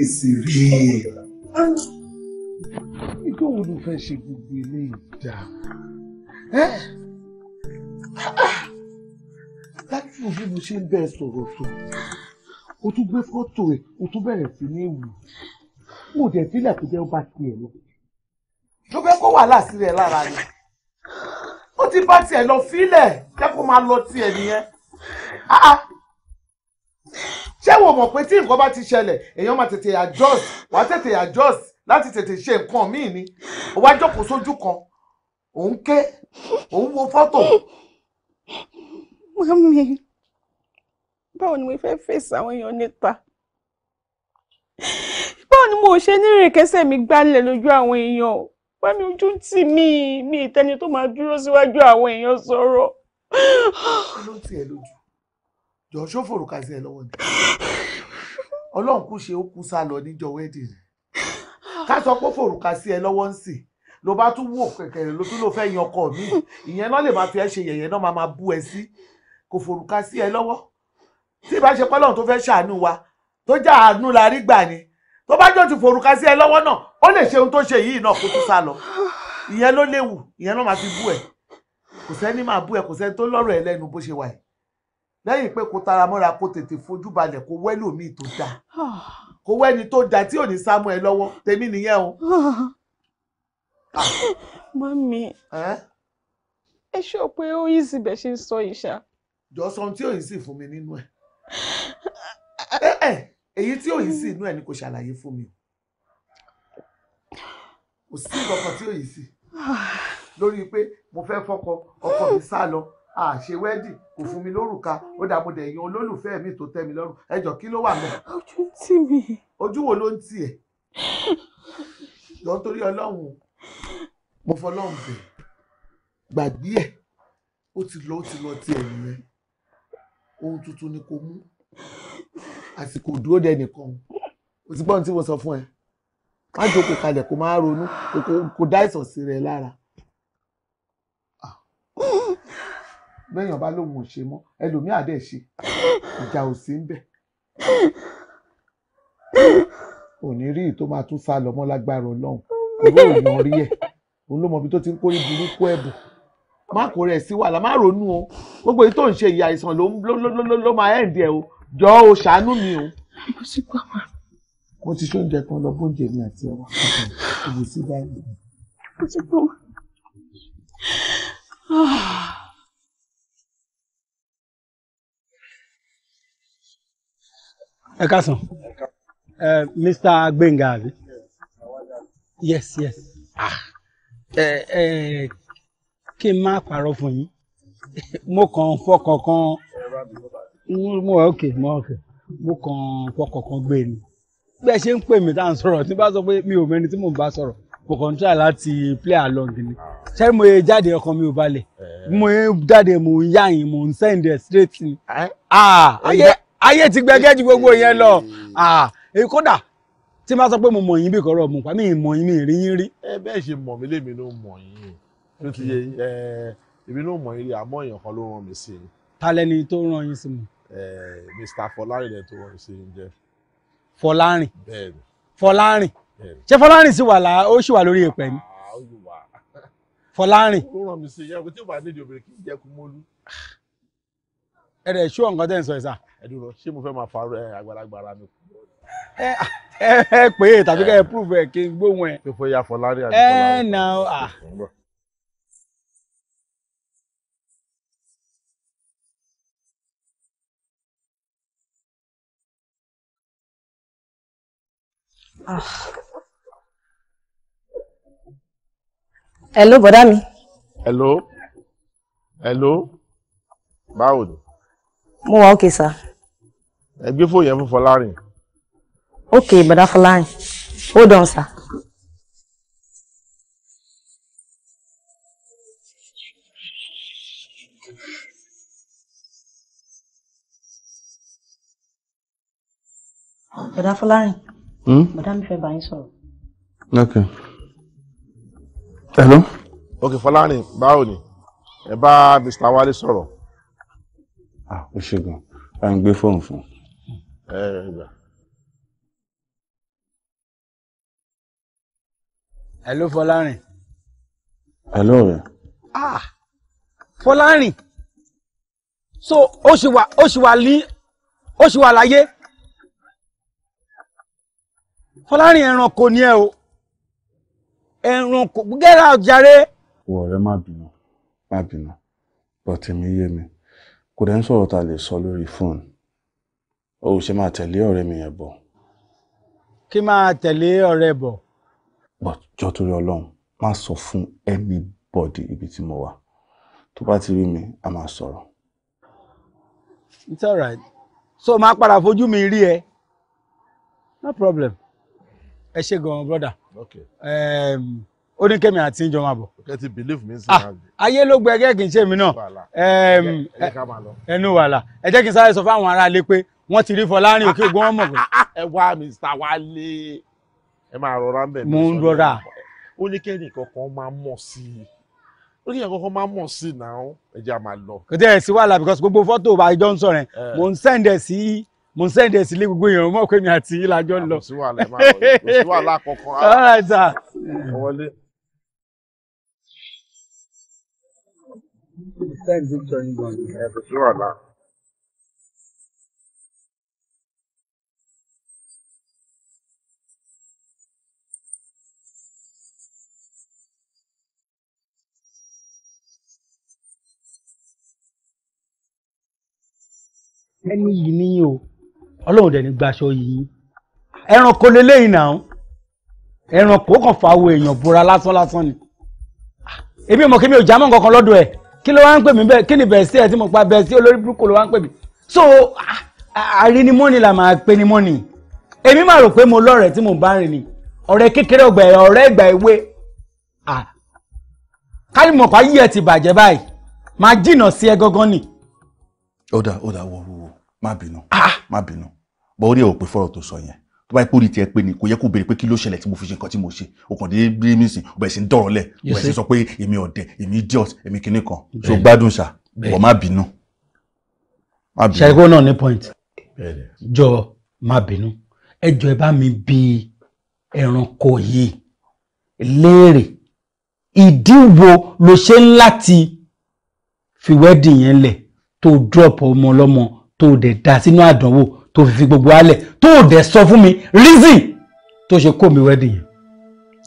kábíyèsí rèé. nígbà ah! wo ló fẹ́ ṣe gbogbo eléyìí dá láti fún bí mo ṣe ń bẹ́ẹ̀ sọ̀rọ̀ tó o tún gbé fọ́tò ẹ̀ o tún bẹ̀rẹ̀ sí ní ìlú mo dẹ̀ sílẹ̀ tó jẹ́ ó bá tiẹ̀ lọ. ló fẹ́ kó wàhálà sí rẹ̀ lára ni ó ti bá tiẹ̀ lọ sílẹ̀ jẹ́ kó máa lọ tiẹ̀ nìyẹn. Ah, ah! ṣé wò mọ̀ pé tí nǹkan bá ti ṣẹlẹ̀ èèyàn máa tètè adjust wàá tètè adjust láti tètè ṣe nǹkan míì ni ó wá jókòó sójú kan òun ké òun wo fọ́tò. mami báwo ni mo fẹ́ fèsì àwọn èèyàn níta báwo ni mo ṣe ní ìrìnkẹsẹ̀ mi gbálẹ̀ lójú àwọn èèyàn mami ojú tì mí mi ìtẹni tó máa dúró síwájú àwọn èèyàn sọ̀rọ̀. kí ló ń tiẹ̀ lójú? jọ ṣófòrò kàṣẹ ẹ lọ́wọ́ ni Ọlọ́run kú ṣe ó kú sá lọ níjọ wedding ká sọ pé fòrò kàṣẹ ẹ lọ́wọ́ ń sìn ló bá tún wò kẹ̀kẹ̀rẹ̀ ló tún lò fẹ́ yan ọkọ mi ìyẹn náà lè máa fi ẹ ṣe yẹ̀yẹ́ náà máa máa bú ẹ sí kò fòrò kàṣẹ ẹ lọ́wọ́ tí ìbá ṣe pọ́lọ́run tó fẹ́ ṣàánú wa tó já àánú la rí gbà ni tó bá jọ ti fòrò kàṣẹ ẹ lọ́wọ́ náà ó lè ṣe ohun tó ṣe yìí náà kó tún sá lọ ìyẹn ló léwu ìyẹn náà máa fi bú ẹ kò sẹ́ni máa bú ẹ kò sẹ́ni tó lọ́rọ̀ ẹ lẹ́nu bó ṣe wà yìí lẹ́yìn pé kó tara mọ́ra kó tètè fojú balẹ̀ kó wẹ́ lòmíì tó dáa kó wẹ́ni tó dáa tí ò ní sá mọ́ ẹ lọ́wọ́ tèmi nìyẹn o. mami ẹ ṣọ pé ó yí síbẹ̀ ṣe ń sọ yìí ṣá. jọ sọ ohun tí òyìn sì fún mi nínú ẹ èyí tí òyìn sì inú ẹ ni kò ṣàlàyé fún mi kò sí nǹkan kan tí òyìn sì lórí pé mo fẹ́ fọkọ ọkọ mi sá lọ àṣe wẹ́dì kò fún mi lórúka ó dà mo dẹ̀ yan olólùfẹ́ mi tó tẹ́ mi lọ́rùn ẹjọ́ kí ló wà mọ́. ojú tì mí. ojú wo ló ń tì ẹ́ lọ torí ọlọ́run mo fọlọ́run bẹ̀ gbàgbé ẹ̀ ó ti lọ ó ti lọ ti ẹ̀yìn ohun tuntun ni kò mú àsìkò dúró dẹ nìkan o ti gbọ́ tí mo sọ fún ẹ má jókòó kalẹ̀ kó má ronú kó dá ìsọ̀sí rẹ lára bẹ́ẹ̀yàn bá lóun ò ṣe mọ́ ẹlòmíì àdẹ ṣe ìjà ò sí ń bẹ̀. òní rí i tó máa tún sá lọ mọ́ lágbára ọlọ́run òwò èèyàn rí ẹ̀ olómọbi tó ti ń kórè burúkú ẹ̀bùn má kó rẹ̀ sí wàhálà má ronú o gbogbo èyí tó ń ṣe ìyá àìsàn ló máa ẹ̀ ń dẹ̀ o jọ o ṣàánú mi o. mo ti gbọ́ ma. mo ti ṣóúnjẹ kan lọ bóúnjẹ mi àti ẹwà ìbùsí báyìí. mo ti gbọ́ ma. ẹ káàsán mr gbẹ̀ngà àbí yes yes ah, ẹ ẹ kí n má parọ́ fún yín mo kàn fọkàn kan mo ok mo ok mo kàn fọkàn kan gbé ni bẹ́ẹ̀ ṣe ń pè mí tá à ń sọ̀rọ̀ tí bá sọ pé mi ò mẹ́ni tí mò ń bá sọ̀rọ̀ mo kàn ń try láti play along ni ṣé mo yẹ jáde ọkàn mi ò balẹ̀ mo yẹ jáde mo ń yáyìn mo ń send ẹ̀ straight ni. Ah, ayé ti gbẹgẹ́ ju gbogbo yẹn lọ mm. eh, kódà tí máa sọ pé mo mọ̀ yín bí kọ́rọ̀ mọ̀ pa mí mọ̀ yín mi rí yín rí. ẹ bẹ́ẹ̀ ṣe mọ̀ mí lèmi ló mọ̀ yín ló ti yẹ ẹ èmi ló mọ̀ yín rí àmọ́ èèyàn kan ló ràn mí sí i. ta lẹni tó ràn yín sí mi. ẹ Mr. Fọlárin lẹ tó ràn mí sí i jẹ. Fọlárin Fọlárin ṣé Fọlárin sì wà lá ó sì wà lórí èpè ni. Ah, Fọlárin. ó ràn mí sí i yẹ kó tí ò bá nídìí obìnrin kì í jẹ kó mólú. ẹ rẹ̀ ṣú ọ̀nkọ́ tẹ̀ ń sọ ẹ̀ sáà ẹdùn lọ ṣé mo fẹ́ máa fa àgbàlagbà ara mi kú. ẹ ẹ pé tàbí ká ẹ prove ẹ kí n gbóhùn ẹ. pé fọyà fọlárí àbí fọlárí. ẹ ah. Hello, bọ̀dá mi. Hello. Hello. Báwo ni? Mo wà ókè sá ẹ gbé fóònù yẹn fún Fọlárin. ok bàdá Fọlárin hold on sir. bàdá Fọlárin. Hmm? bàdá mi fẹ́ bá yín sọ̀rọ̀. ok. hello. ok Fọlárin báwo ni ẹ bá Mr. Wálé sọ̀rọ̀. ah ó ṣe gan-an à ń gbé fóònù fún un. Eyvallah. Hello Fọlárin. Hello Ah Fọlárin so ó ṣì wà ó ṣì Fọlárin ẹranko ni ẹ o ẹranko gẹ́gẹ́ àjàre. wọ ọ̀rẹ́ má bínú mi yé mi kò dẹ́ ń sọ̀rọ̀ ta lè sọ lórí o ṣe máa tẹ̀lé ọ̀rẹ́ mi yẹn bọ̀. kí máa tẹ̀lé ọ̀rẹ́ bọ̀. bọ̀ jọ torí ọlọ́run má sọ fún anybody ibi tí mo wà tó bá ti rí mi a máa sọ̀rọ̀. it's alright so máa padà fojú mi rí ẹ no problem ẹ ṣe gan-an brother. Okay. Um, ó ní kẹ́mi àti ìjọ máa bọ̀. ẹ believe me ah, since. ayé ló gbẹ ẹgẹ́ kì í ṣe mí náà ẹnu wàhálà ẹ jẹ́ kí n sáré sọ fún àwọn aráalé pé wọ́n ti rí Fọlárin òkè ogun wọn mọ̀ pé. Ah, ah, ẹ wá Mr Wálé ẹ máa rọra ń bẹ̀ mí. mo ń rọra. ó ní kẹ́ni kankan máa mọ̀ sí i ó ní kẹ́ni kankan máa mọ̀ sí i náà ẹ jẹ́ a máa lọ. kò tẹ́ ẹ sí wàhálà because gbogbo fọ́tò bá ìjọ ń sọ rẹ̀ eh. mò ń sẹ́ǹdẹ̀ sí mo ń sẹ́ǹdẹ̀ sí ilé gbogbo èèyàn mọ̀ pé mi àti yín la jọ ń lọ. Ah, kò sí wàhálà kankan. all right sir. wọlé. send picture yín ẹni yìí níyìn o ọlọ́run dẹ̀ ní gbaṣọ yìí ẹranko lélẹ́yìn náà ẹranko kàn fa àwọn èèyàn bora lásán lásán ni èmi mọ̀ kí mi ò jámọ́ nǹkan kan lọ́dọ̀ ẹ̀ kí ló wá ń pè mí bẹ́ẹ̀ kí ni bẹ́ẹ̀ sí ẹ̀ tí mo pa bẹ́ẹ̀ sí olórí burúkú ló wá ń pè mí so àrínímọ́ni là máa pe ni mọ́ni èmi máa rò pé mo lọ́rẹ̀ẹ́ tí mo bá rìn ni ọ̀rẹ́ kékeré ọgbà ẹ̀ ọ̀rẹ́ ìgbà èwe káyìmọ̀pá yí ẹ ti bàjẹ́ báyìí máa jìnnà sí ẹ gangan ni. ó dà ó dà wọ́wọ́ má bínú ah, ah. má bínú bọ́ orí ẹ̀ ò pé fọ́rọ̀ tó sọ yẹn tó bá yẹ kó rí tiẹ̀ pé ni kò yẹ kó béèrè pé kí ló ṣẹlẹ̀ tí mo fi ṣe nǹkan tí mo ṣe òkàn dé bí mi sìn ọbẹ̀ sí ń dọ̀rọ̀ lẹ̀ ọbẹ̀ sí sọ pé èmi ọ̀dẹ̀ èmi idiot èmi kinní kan so gbádùn ṣá bọ̀ má bínú. ṣàìkó náà ní point jọ má bínú ẹ jọ ẹ bá mi bi ẹranko yìí léèrè ìdí wo ló ṣe ń láti fi wẹ́dìn yẹn lẹ̀ tó drop ọmọ ọlọ́mọ tó o dẹ̀ dá sínú àdánwò tó fi fi gbogbo alẹ̀ tó o dẹ̀ sọ fún mi reason tó ṣe kó mi wedding yẹn.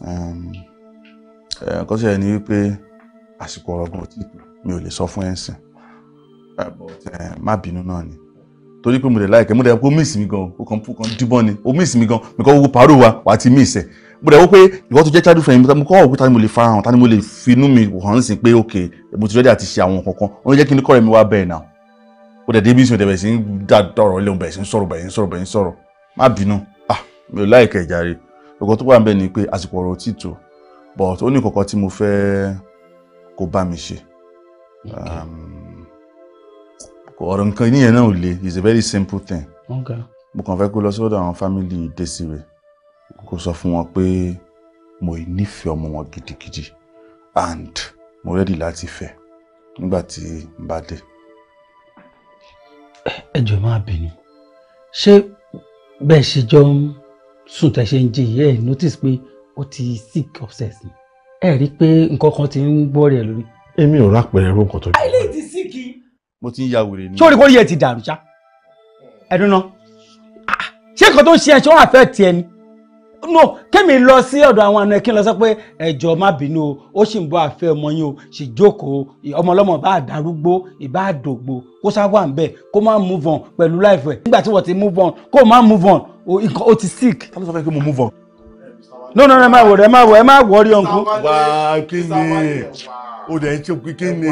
ẹ̀ẹ́dẹ́gbọ́n ṣe ni wípé àsìkò ọ̀rọ̀ gan ti mi ò lè sọ fún ẹ̀sìn eh, eh, má bínú náà ni torí pé mo dẹ̀ láìkẹ́ mo dẹ̀ kó miss mi gan o kàn fún kan díbọ́n ni o miss mi gan mi kàn wo pàrọ̀ wa wà á ti miss ẹ̀ mo dẹ̀ wò pé ìwọ́n tó jẹ́ child friend mi mo kọ́ ọ̀pẹ́ ta ni mo lè farahàn ta ni mo lè finú mi hàn sí pé ok mo ti rẹ́dí àti ṣe àwọn kankan ó ń jẹ́ kí n kọ́ rẹ̀ mi wá bẹ́ẹ̀ náà ó dẹ̀ débi sùn dẹ̀bẹ̀ sí ń dá dọ̀rọ̀ ilé òun bẹ̀ sí ń sọ̀rọ̀ bẹ̀ sí ń sọ̀rọ̀ bẹ̀ sí sọ̀rọ̀ má bínú ah mi ò láìkẹ́ ìjàre ọkọ̀ tó wà ń bẹ̀ ni pé àsìkò ọ̀rọ̀ ti tó but ó ní kọ̀ọ̀kan tí mo fẹ́ kó bá mi ṣe um, ọ̀rọ̀ nǹkan níyẹn náà ò le it's a very simple thing mo kàn fẹ́ kó lọ sọ́dọ̀ àwọn fámìlì Desire kó sọ fún wọn pé mo nífẹ̀ẹ́ ọmọ wọn gidigidi and mo rẹ́dì láti fẹ́ nígbà tí n bá dé ẹ jọ̀ọ́ má bínú ṣé bẹ́ẹ̀ ṣe jọ ń sùn tẹ́ ṣe ń jí yìí ẹ̀ notice pé ó ti sick obsess ni ẹ rí i pé nǹkan kan ti ń gbọ́ rẹ̀ lórí. èmi ò rápẹ̀rẹ̀ ẹ̀rọ nǹkan tó ní. àìlè ti sick. mo ti ń ya wèrè ni. sórí kórìí ẹ ti dàrú ṣá ẹdun náà ah, ṣé nǹkan tó ń ṣe ẹ ṣé àfẹ́ tiẹ ni no kémi lọ sí ọ̀dọ̀ àwọn àna kí n lọ sọ pé ẹ̀jọ̀ má bínú o ó sì ń bọ́ àfẹ́ ọmọ yín o sì jókòó ọmọlọ́mọ bá dàrúgbó ìbá dògbò kó sáwà ń bẹ̀ kó má move on pẹ̀lú life ẹ̀ nígbà tí wọ́n ti move on kó má move on o ti sick. ká ló sọ fẹ́ kí mo move on. no no ẹ má wọ̀ ẹ má wọ̀ ẹ má wọ̀ ọ́ rí ọ̀nkú. kí ni o dẹ̀ ń ṣe kí ni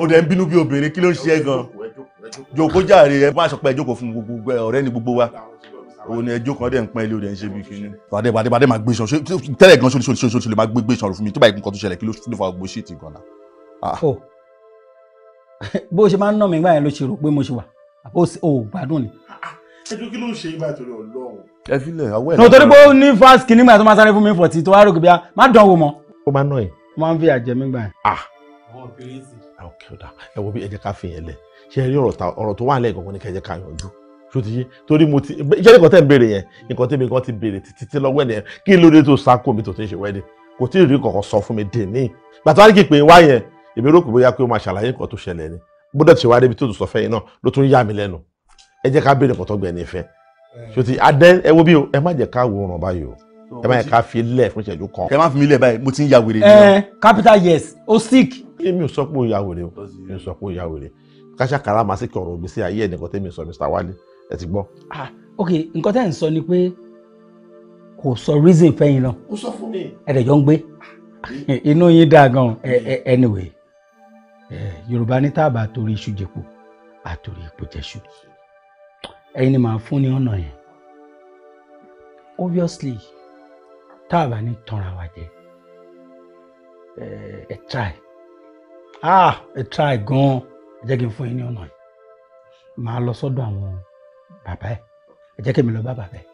o dẹ̀ ń bínú bí obìnrin kí ló ń ṣe é gan-an jòkó jàre ẹ má sọ pé ẹ jókòó fún gbogbo ọ̀rẹ́ ni gbogbo wa òun ni ẹjọ́ kan dẹ̀ ń pẹ́ ilé òde ń ṣe bí kíní. bàdé bàdé bàdé máa gbé iṣan tẹ́lẹ̀ gan ṣoṣo ṣoṣo ṣoṣo lè máa gbé iṣan fún mi tó bá ìkún kan tó ṣẹlẹ̀ kí ló fún fa gbogbo ṣíìtì gan náà. bó ṣe máa ń ná mi gbà yẹn ló ṣe rò pé mo ṣe wà ó gbádùn ni. ẹjọ́ kí ló ń ṣe ibà ìtòlẹ̀ ọlọ́run. ẹ filẹ̀ awẹ́. ní torí pé ó ní fast kìíní gbà tó máa sáré fún mi fọ̀tì tó wá rò kébíyà má dán wò mọ́. ó máa ná ẹ. máa ń fi àjẹ mi gbà yẹn. Ah. Ah, ẹ wo bí ẹ jẹ́ ká fi yẹn lẹ̀ ṣe é rí ọ̀rọ̀ tó wà lẹ́ẹ̀kọ̀ọ̀kan ní kẹ́jẹ́ ká yanjú ṣòtìyí torí mo ti jẹ́ nǹkan tẹ́ ń béèrè yẹn nǹkan tẹ́mi kan ti béèrè títí lọ́wọ́ ẹ̀ nìyẹn kí ló dé tó sáko mi tó ti ń ṣe wedding kò tí ì rí kankan sọ fún mi dè ní gbàtà wá kí pé wá yẹn èmi rò kò bóyá pé ó máa ṣàlàyé nǹkan tó ṣẹlẹ̀ ni gbọ́dọ̀ ti wá débi tó tún sọ fẹ́yìn náà ló tún yà mí lẹ́nu ẹ jẹ́ ká béèrè nǹkan tó ìfẹ́ ṣòtì adé ẹ wo bí o ẹ má jẹ́ ká wòran báyìí o ẹ má yẹ ká fi lẹ̀ fún mi ya wèrè. ẹ eh, capital yes o sick. èmi sọ ya wèrè o èmi ya wèrè káṣákàrà màá sì kí ọ̀rọ̀ ògbésí ayé ẹ̀ Mr. Wale ẹ ti gbọ́. Ah, ok nǹkan tẹ́ ń sọ kò sọ reason fẹ́yìn lọ ó sọ fún mi. yi jọ ń gbé inú yín dáa gan anyway yorùbá ní tá iṣu àtòrí ipò ẹyin ni màá fún ní ọ̀nà yẹn obviously taaba ni ní ẹ try ah ẹ try gan ẹ jẹ́ kí n fún yín ní ọ̀nà lọ sọ́dọ̀ àwọn. bàbá ẹ̀ ẹ jẹ́ kí mi lọ bá bàbá ẹ̀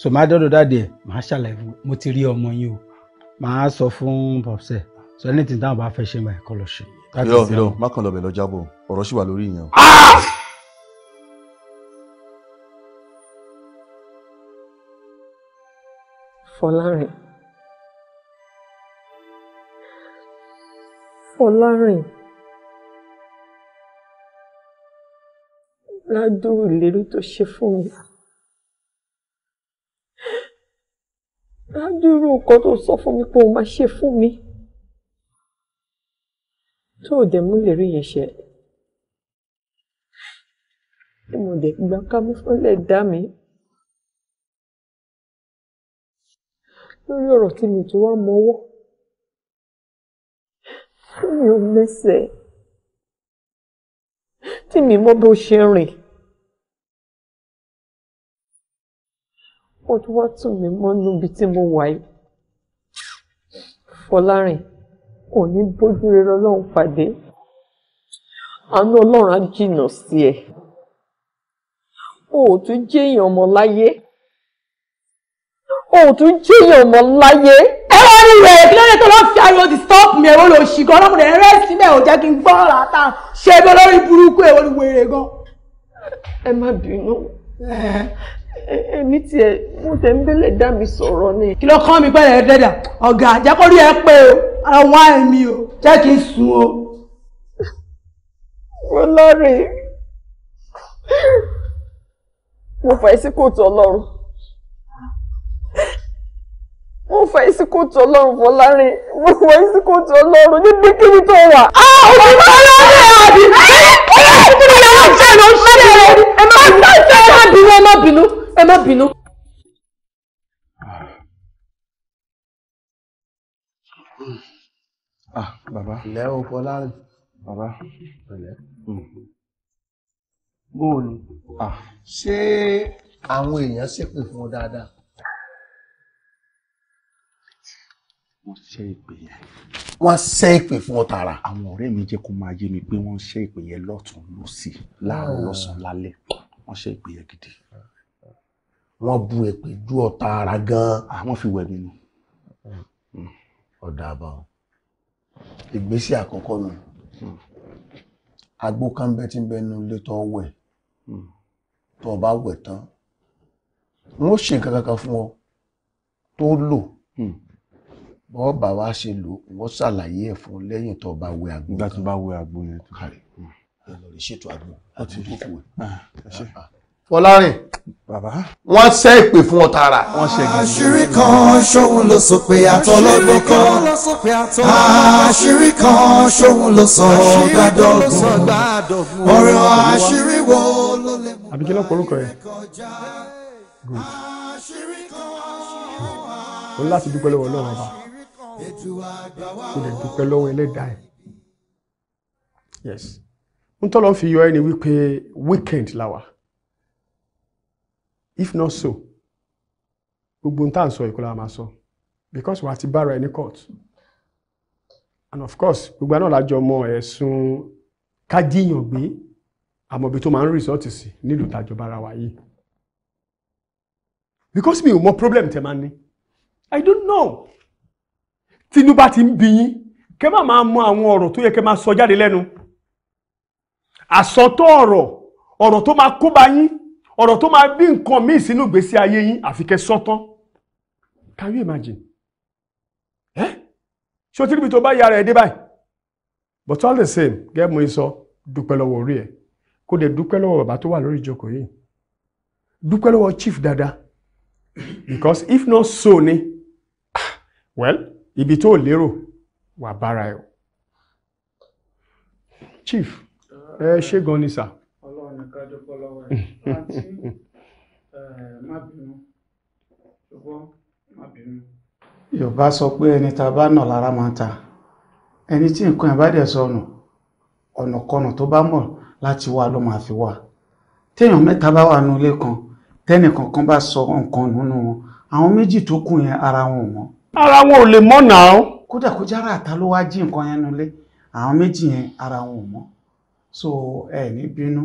so máa dọ́dọ̀ dáàdì ẹ̀ máa ṣàlàyé fún mo ti rí ọmọ yín o máa sọ fún bọ̀sẹ̀ so anything táwọn bá fẹ́ ṣe máa kọ́ lọ ṣe. yọ yọ má kàn lọbẹ lọ jábọ̀ ọ̀rọ̀ ṣì wà lórí ìyẹn o. Fọlárìn Fọlárìn. ládùúrù ìlérí tó ṣe fún mi ládùúrù nǹkan tó sọ fún mi pé o máa ṣe fún mi tó o dẹ̀ mú ìlérí yẹn ṣẹ tí mo dẹ̀ gbà kámú fúnlẹ̀ dá mi lórí ọ̀rọ̀ tí mi tó wá mọ́wọ́ tí mi ò mẹ́sẹ̀ẹ́ tí mi mọ̀ bí ṣe rìn. ó tún wá tù mí mọ́nú ibi tí mo wà yìí fọlárin kò ní bójú rere ọlọ́run pàdé àánú ọlọ́run á jìnnà sí ẹ o ò tún jẹ́yàn ọmọ láyé o ò tún jẹ́yàn ọmọ láyé. ẹ wá rí rẹ kí ló dé tó lọ fi ariwo di stop mi ẹ̀rọ lò sí gan ọlọ́mọdé ẹ̀rẹ́ síbẹ̀ ò jẹ́ kí n gbọ́ ọ̀rọ̀ àtà ṣe é bí olórí burúkú èwo ni wèrè gan. ẹ má bínú èmi tiẹ̀ mo tẹ̀ ń bẹ́lẹ̀ dá mi sọ̀rọ̀ ni. kí ló kàn mí pẹ̀lẹ́ dẹ́dà ọ̀gá àjẹkọ́rí ẹ pé o ara wá ẹ̀mí o jẹ́ kí n sùn o. mo lọ́rìn mo fà sí kóòtù ọlọ́run mo fà sí kóòtù ọlọ́run fọlárin mo fà sí kóòtù ọlọ́run níbi kíni tó wà. a ò ní bá lọ́rẹ̀ àbí. ọlọ́run kúrò làwọn jẹ́ ló ń ṣẹlẹ̀ ẹ má bínú ẹ má bínú ẹ má bínú. ah bàbá. ilẹ̀ o fọlá rẹ̀. bàbá. pẹ̀lẹ́. Hmm. bóò ni. Ah. ṣé àwọn èèyàn ṣépè fún ọ dáadáa. wọ́n ṣe ìpè yẹn. wọ́n ṣe ìpè fún ọ tààrà. àwọn ọ̀rẹ́ mi jẹ́ kó máa yé mi pé wọ́n ṣe ìpè yẹn lọ́tún lọ́sì láàárọ̀ ah. lọ́sàn-án lálẹ́ wọ́n ṣe ìpè yẹn gidi wọ́n bu èpè ju ọ̀tá ara gan-an. Ah, àwọn fi wẹ̀ mí hmm. ni. ọ̀dà àbá ìgbésẹ̀ àkọ́kọ́ nù hmm. agbó kan bẹ́ tí ń bẹ nínú ilé tó wẹ̀ hmm. tó bá wẹ̀ tán wọ́n ṣe nǹkan kankan fún ọ tó lò bọ́ bá wá ṣe lò wọ́n ṣàlàyé ẹ̀ fún lẹ́yìn tó bá wẹ̀ àgbo. ìgbà tó bá wẹ̀ àgbo yẹn tó kárẹ̀. ẹ lọ rí ṣètò àgbo àti ìdókòwò fọlárìn wọ́n ṣẹ́ ìpè fún ọ tààrà. àṣírí kan ṣóhun ló sọ pé àtọlọ́gbọ́n kan àṣírí kan ṣóhun ló sọ gbàdọ̀gùn ọ̀rọ̀ àṣírí wo ló lè mú àbíkí lọ́pọ̀ orúkọ rẹ̀ o láti dúpẹ́ lọ́wọ́ Ọlọ́run ọba o lè dúpẹ́ lọ́wọ́ ẹlẹ́dàá ẹ̀ yes n tọ́lọ́ fi yọ ẹni wípé weekend la wà if not so gbogbo nta sọ ìkọlà máa sọ because wàá ti bára ẹ ní court and of course gbogbo àná làjọ mọ ẹ̀sùn kájíyàn gbé àmọ̀bí tó máa ń rìsọ́ọ̀tì sí nílùú tàjọ bára wa yìí because mi ò mọ problem tẹ máa ní i don't know tinubu ti ń bí yín kẹ má máa mọ àwọn ọ̀rọ̀ tó yẹ kẹ máa sọ jáde lẹ́nu àsọtọ̀ ọ̀rọ̀ ọ̀rọ̀ tó máa kó bá yín ọ̀rọ̀ tó máa bí nǹkan míì sínú ìgbésí ayé yín àfikẹ́ sọ́tán can you imagine ẹ́ ṣé o ti ríbi tó bá yára ẹ̀ dé báyìí but all the same get mo sọ dúpẹ́ lọ́wọ́ orí ẹ̀ kó dẹ̀ dúpẹ́ lọ́wọ́ bàbá tó wà lórí ìjókòó yìí dúpẹ́ chief dada. because if not so ni well ibi tó lérò wà bára ẹ̀ chief ẹ ṣé gan ni sir nìkan dúpẹ́ lọ́wọ́ ẹ̀ àǹtí hmm. eh, má bínú ṣùgbọ́n má bínú. yorùbá sọ pé ẹni tá a bá nà lára máa ta ẹni tí nǹkan ẹ̀ bá dẹ̀ sọnù ọ̀nàkọnà tó bá mọ̀ láti wá ló máa fi wá téèyàn mẹ́ta bá wà nínú ilé kan tẹ́nìkan kan bá sọ nǹkan nínú wọn àwọn méjì tó kù yẹn ara wọn ò mọ̀. ara wọn ò lè mọ̀ náà. kódà kó jára àta ló wáá jí nǹkan yẹn nulẹ̀ àwọn méjì yẹn ara wọn ò mọ̀ so ẹ ní bínú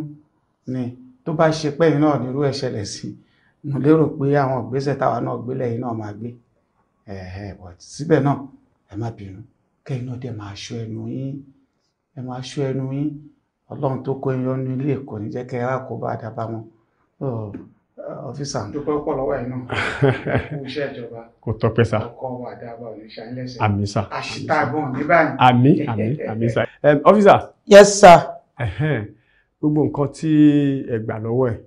ni tó bá ṣe pẹ́yìn náà nírú ẹ̀ ṣẹlẹ̀ sí mo lérò pé àwọn ìgbésẹ̀ táwa náà gbé lẹ́yìn náà máa gbé síbẹ̀ náà ẹ má bínú kẹ́yìn náà dẹ̀ máa ṣọ́ ẹnu yín ẹ máa ṣọ́ ẹnu yín ọlọ́run tó kó ẹyọ ní ilé ẹ̀kọ́ ní jẹ́ kẹ́ ẹ kó bá dábà wọn ọ́fíìsà. dúpẹ́ pọ̀ lọ́wọ́ ẹ̀ náà fún iṣẹ́ ìjọba kò tọpẹ́ sá ọkọ̀ wà dábà oníṣà ńlẹ́sẹ̀ àmì sá àṣìtàgbọ̀n ní báyìí. àmì àmì àmì sá. ọ́fíìsà. yes sir gbogbo nǹkan tí ẹ gbà lọ́wọ́ ẹ̀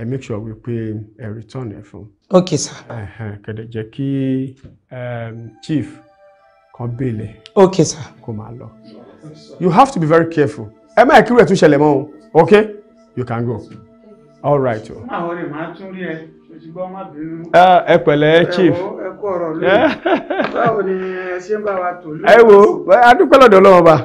ẹ make sure wípé ẹ return ẹ fún. ok sir. kẹ̀dẹ̀ jẹ́ kí ehm, chief kan bèèlè. ok sir. kó máa lọ. you have to be very careful. ẹ má ìkírò ẹ̀ tún ṣẹlẹ̀ mọ́ o ok you can go. all right o. máa wọlé màá tún rí ẹ ṣùgbọ́n má bínú. ẹ pẹ̀lẹ́ chief. ẹ kú ọ̀rọ̀ lóyún báwo ni ẹ ṣe ń bá wa tò lóyún. ẹ wo adúpẹ́ lọ́dọ̀ ọlọ́run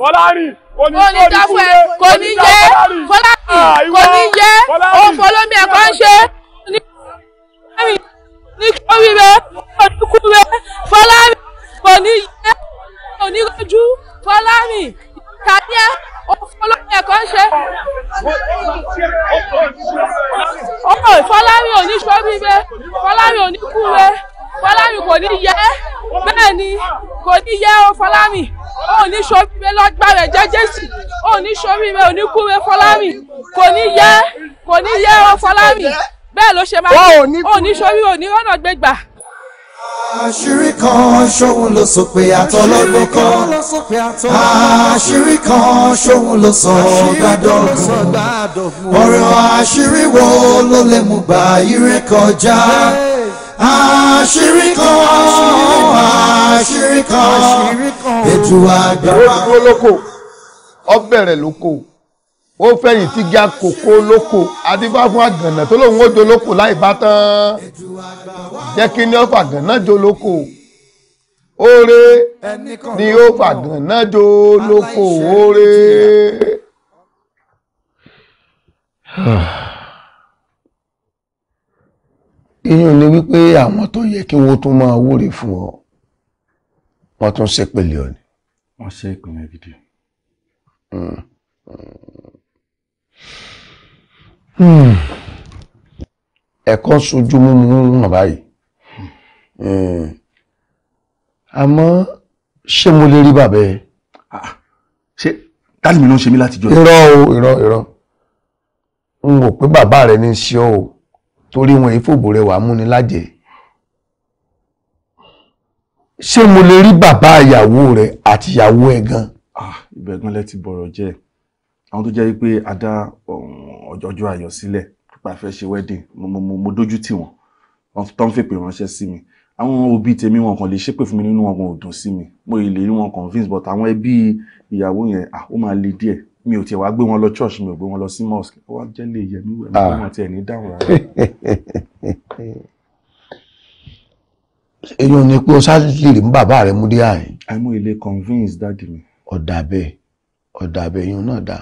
Fọlárìn onídọ́fọ̀ ẹ̀ kò ní yẹ Fọlárìn kò ní yẹ òfò lómi ẹ̀kọ́ ń ṣe ní kórìíre olùkúre Fọlárìn kò ní yẹ onírọ́jú Fọlárìn kàdíẹ́ òfò lómi ẹ̀kọ́ ń ṣe. Fọlárìn oníṣòwìre Fọlárìn oníkúre Fọlárìn kò ní yẹ bẹ́ẹ̀ ni kò ní yẹ o Fọlárìn òní ṣoríire lọ́gbàrẹ̀ jẹ́jẹ́sì òní ṣoríire òní kúre fọlámì kò ní yẹ kò ní yẹ ọ fọlámì bẹ́ẹ̀ ló ṣe máa ń òní ṣoríire òní rọ́nà gbégbà àṣírí kan ṣóhun ló sọ pé àtọlọ́gbọ́n kan àṣírí kan ṣóhun ló sọ gbàdọ̀gùn ọ̀rọ̀ àṣírí wo ló lè mú bá ire kọjá àṣírí kan àṣírí kan ètò àgbà. ó dúró lóko ó bẹ̀rẹ̀ lóko ó fẹ̀yìn tí gíga kòkó lóko àti bá fún àgànà tó lóun ó do lóko láì bá tán jẹ́ kí ni ó fàgànà do lóko oore ni ó fàgànà do lóko oore. ìyún ni wípé àwọn tó yẹ kí wọ́n tún máa wúre fún ọ wọ́n tún ṣe pèlè ọ ni. wọ́n ṣe ìpínlẹ̀ gidi. Hmm. ẹ̀kọ́ sojú múmu hàn báyìí hmm. àmọ́ ṣé mo lè rí bàbá ẹ. Ah, ṣé dáàdì mi ló ń ṣe mí látijọ́. irọ́ o irọ́ irọ́ n ò pé bàbá rẹ ní í ṣe ọ́ o torí wọn èyí fòbò rẹ wàá múni lájẹ̀ẹ́ ṣé mo lè rí bàbá ìyàwó rẹ àti ìyàwó ẹ gan. Ah, ibẹ̀ gan lẹ́ ti bọ̀rọ̀ jẹ́ àwọn tó jẹ́ pé a dá um, ọjọ́ ayọ̀ sílẹ̀ pípa fẹ́ ṣe wedding mo dójú tì wọ́n wọ́n tó ń fèpè ránṣẹ́ sí mi àwọn òbí tèmi wọn kàn lè ṣépè fún mi nínú wọn kàn ò dùn sí mi mo lè rí wọn convince but àwọn ẹbí ìyàwó yẹn ah, ó máa le díẹ̀ mi ò tiẹ̀ wá gbé wọn lọ church mi ò gbé wọn lọ sí mosque wọ́n jẹ́ lè yẹ mí wẹ̀ mí ah. wọ́n tiẹ̀ ní dáhùn rárá. èyàn ni pé o sáré rí bàbá rẹ mú dé àárín. àìmọ̀ ilé convince dáàdì mi. ọ̀dà bẹ́ẹ̀ ọ̀dà bẹ́ẹ̀ èyàn náà dá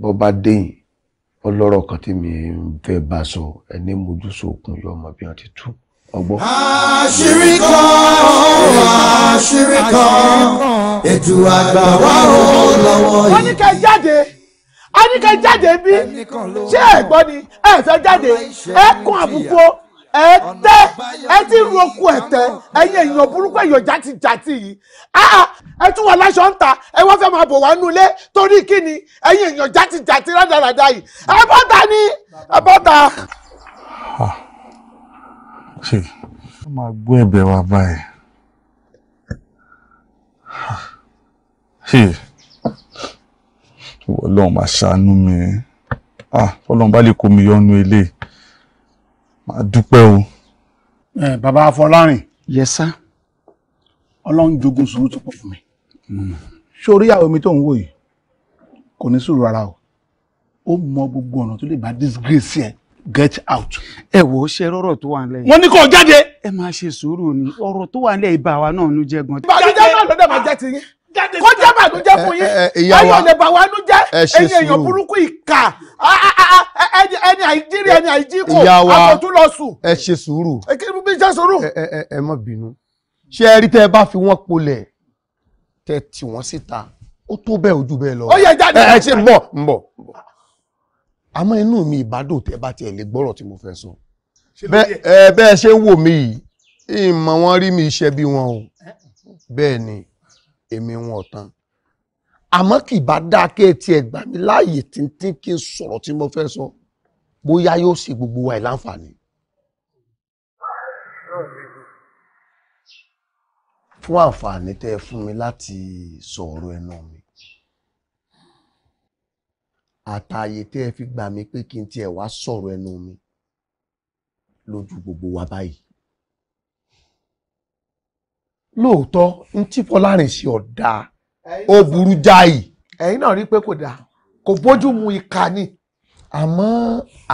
bọ́ bá déyìn ọlọ́rọ̀ kan tí mi fẹ́ bá sọ ẹni mojú sókun yọ ọmọ bí wọ́n ti tú ọgbọ́n. àṣírí kan àṣírí kan ètò àgbà wà ó lọ́wọ́ yìí. wọ́n ní ká jáde a ní ká jáde bí ṣé ẹ̀ ni ẹ fẹ́ jáde ẹ kún àbùkù ẹ̀tẹ́ ẹ ti ru oko ẹ̀tẹ́ ẹ̀yin èèyàn burúkú èèyàn jàti jàti yìí ah, ẹ tún wà láṣọ ń ta ẹ wọ́n fẹ́ máa bọ̀ wá nulẹ̀ torí kí ni ẹ̀yin èèyàn jàti jàti rádaràda yìí ẹ bọ́ta ni ẹ bọ́ta. Ah, ṣe wọ́n máa gbọ́ ẹ̀bẹ̀ wa báyìí ah, ṣe ìwọ ọlọ́run máa ṣàánú mi ọlọ́run bá lè kó mi yọnu eléyìí máa dúpẹ́ o. ẹ bàbá afọlárìn. yes sir. ọlọ́run jogún sùúrù tó pọ̀ fún mi. Hmm. ṣé orí àwọn omi tó ń wò yìí kò ní sùúrù rárá o ó mọ gbogbo ọ̀nà tó lè bá disgrace ẹ get out. ẹ wo ṣe rọrọ tó wà nílẹ̀. wọ́n ní kó jáde. ẹ máa ṣe sùúrù ni ọ̀rọ̀ tó wà nílẹ̀ ibà wa náà ń jẹ gan. bàbá mi jáde lọ́dọ̀ máa jẹ́ ti kó jẹ́ bànújẹ́ fún yín eh, eh, eh, ayé ò lè bà wá nú jẹ́ ẹni èèyàn burúkú ìkà ah, ah, ah, ẹni àìjírí ẹni àìjíkò àkọ́tún lọ sùn. ẹ ṣe sùúrù ẹ kí bí jẹ́ sùúrù. ẹ ẹ ẹ má bínú ṣé ẹ rí tẹ ẹ bá fi wọn polẹ̀ tẹ tì wọ́n síta ó tó bẹ́ẹ̀ ojú bẹ́ẹ̀ lọ. ó yẹ jáde ẹ ṣe ń bọ̀ ń bọ̀ àmọ́ inú mi ìbádùn tẹ bá tiẹ̀ lè gbọ́rọ̀ tí mo fẹ́ sọ bẹ́ẹ̀ ṣe ń wò mí yìí ìmọ̀ wọn rí mi iṣẹ́ bí wọn o bẹ́ẹ̀ ni èmi wọn ọ̀tàn àmọ́ kì bá dáa kí ẹ tiẹ̀ gbà mí láàyè tíntín kí n sọ̀rọ̀ tí mo fẹ́ sọ bóyá yóò ṣe gbogbo wa ẹ̀ láǹfààní. fún àǹfààní tẹ́ ẹ fún mi láti sọ̀rọ̀ ẹnu mi àtààyè tẹ́ ẹ fi gbà mí pé kí n tiẹ̀ wá sọ̀rọ̀ ẹnu mi lójú gbogbo wa báyìí lóòótọ́ n tí Fọlárìn ṣe ọ̀dà ó burú jáì. ẹ̀yin náà rí i pé kò dáa kò bójú mu ìka ni. àmọ́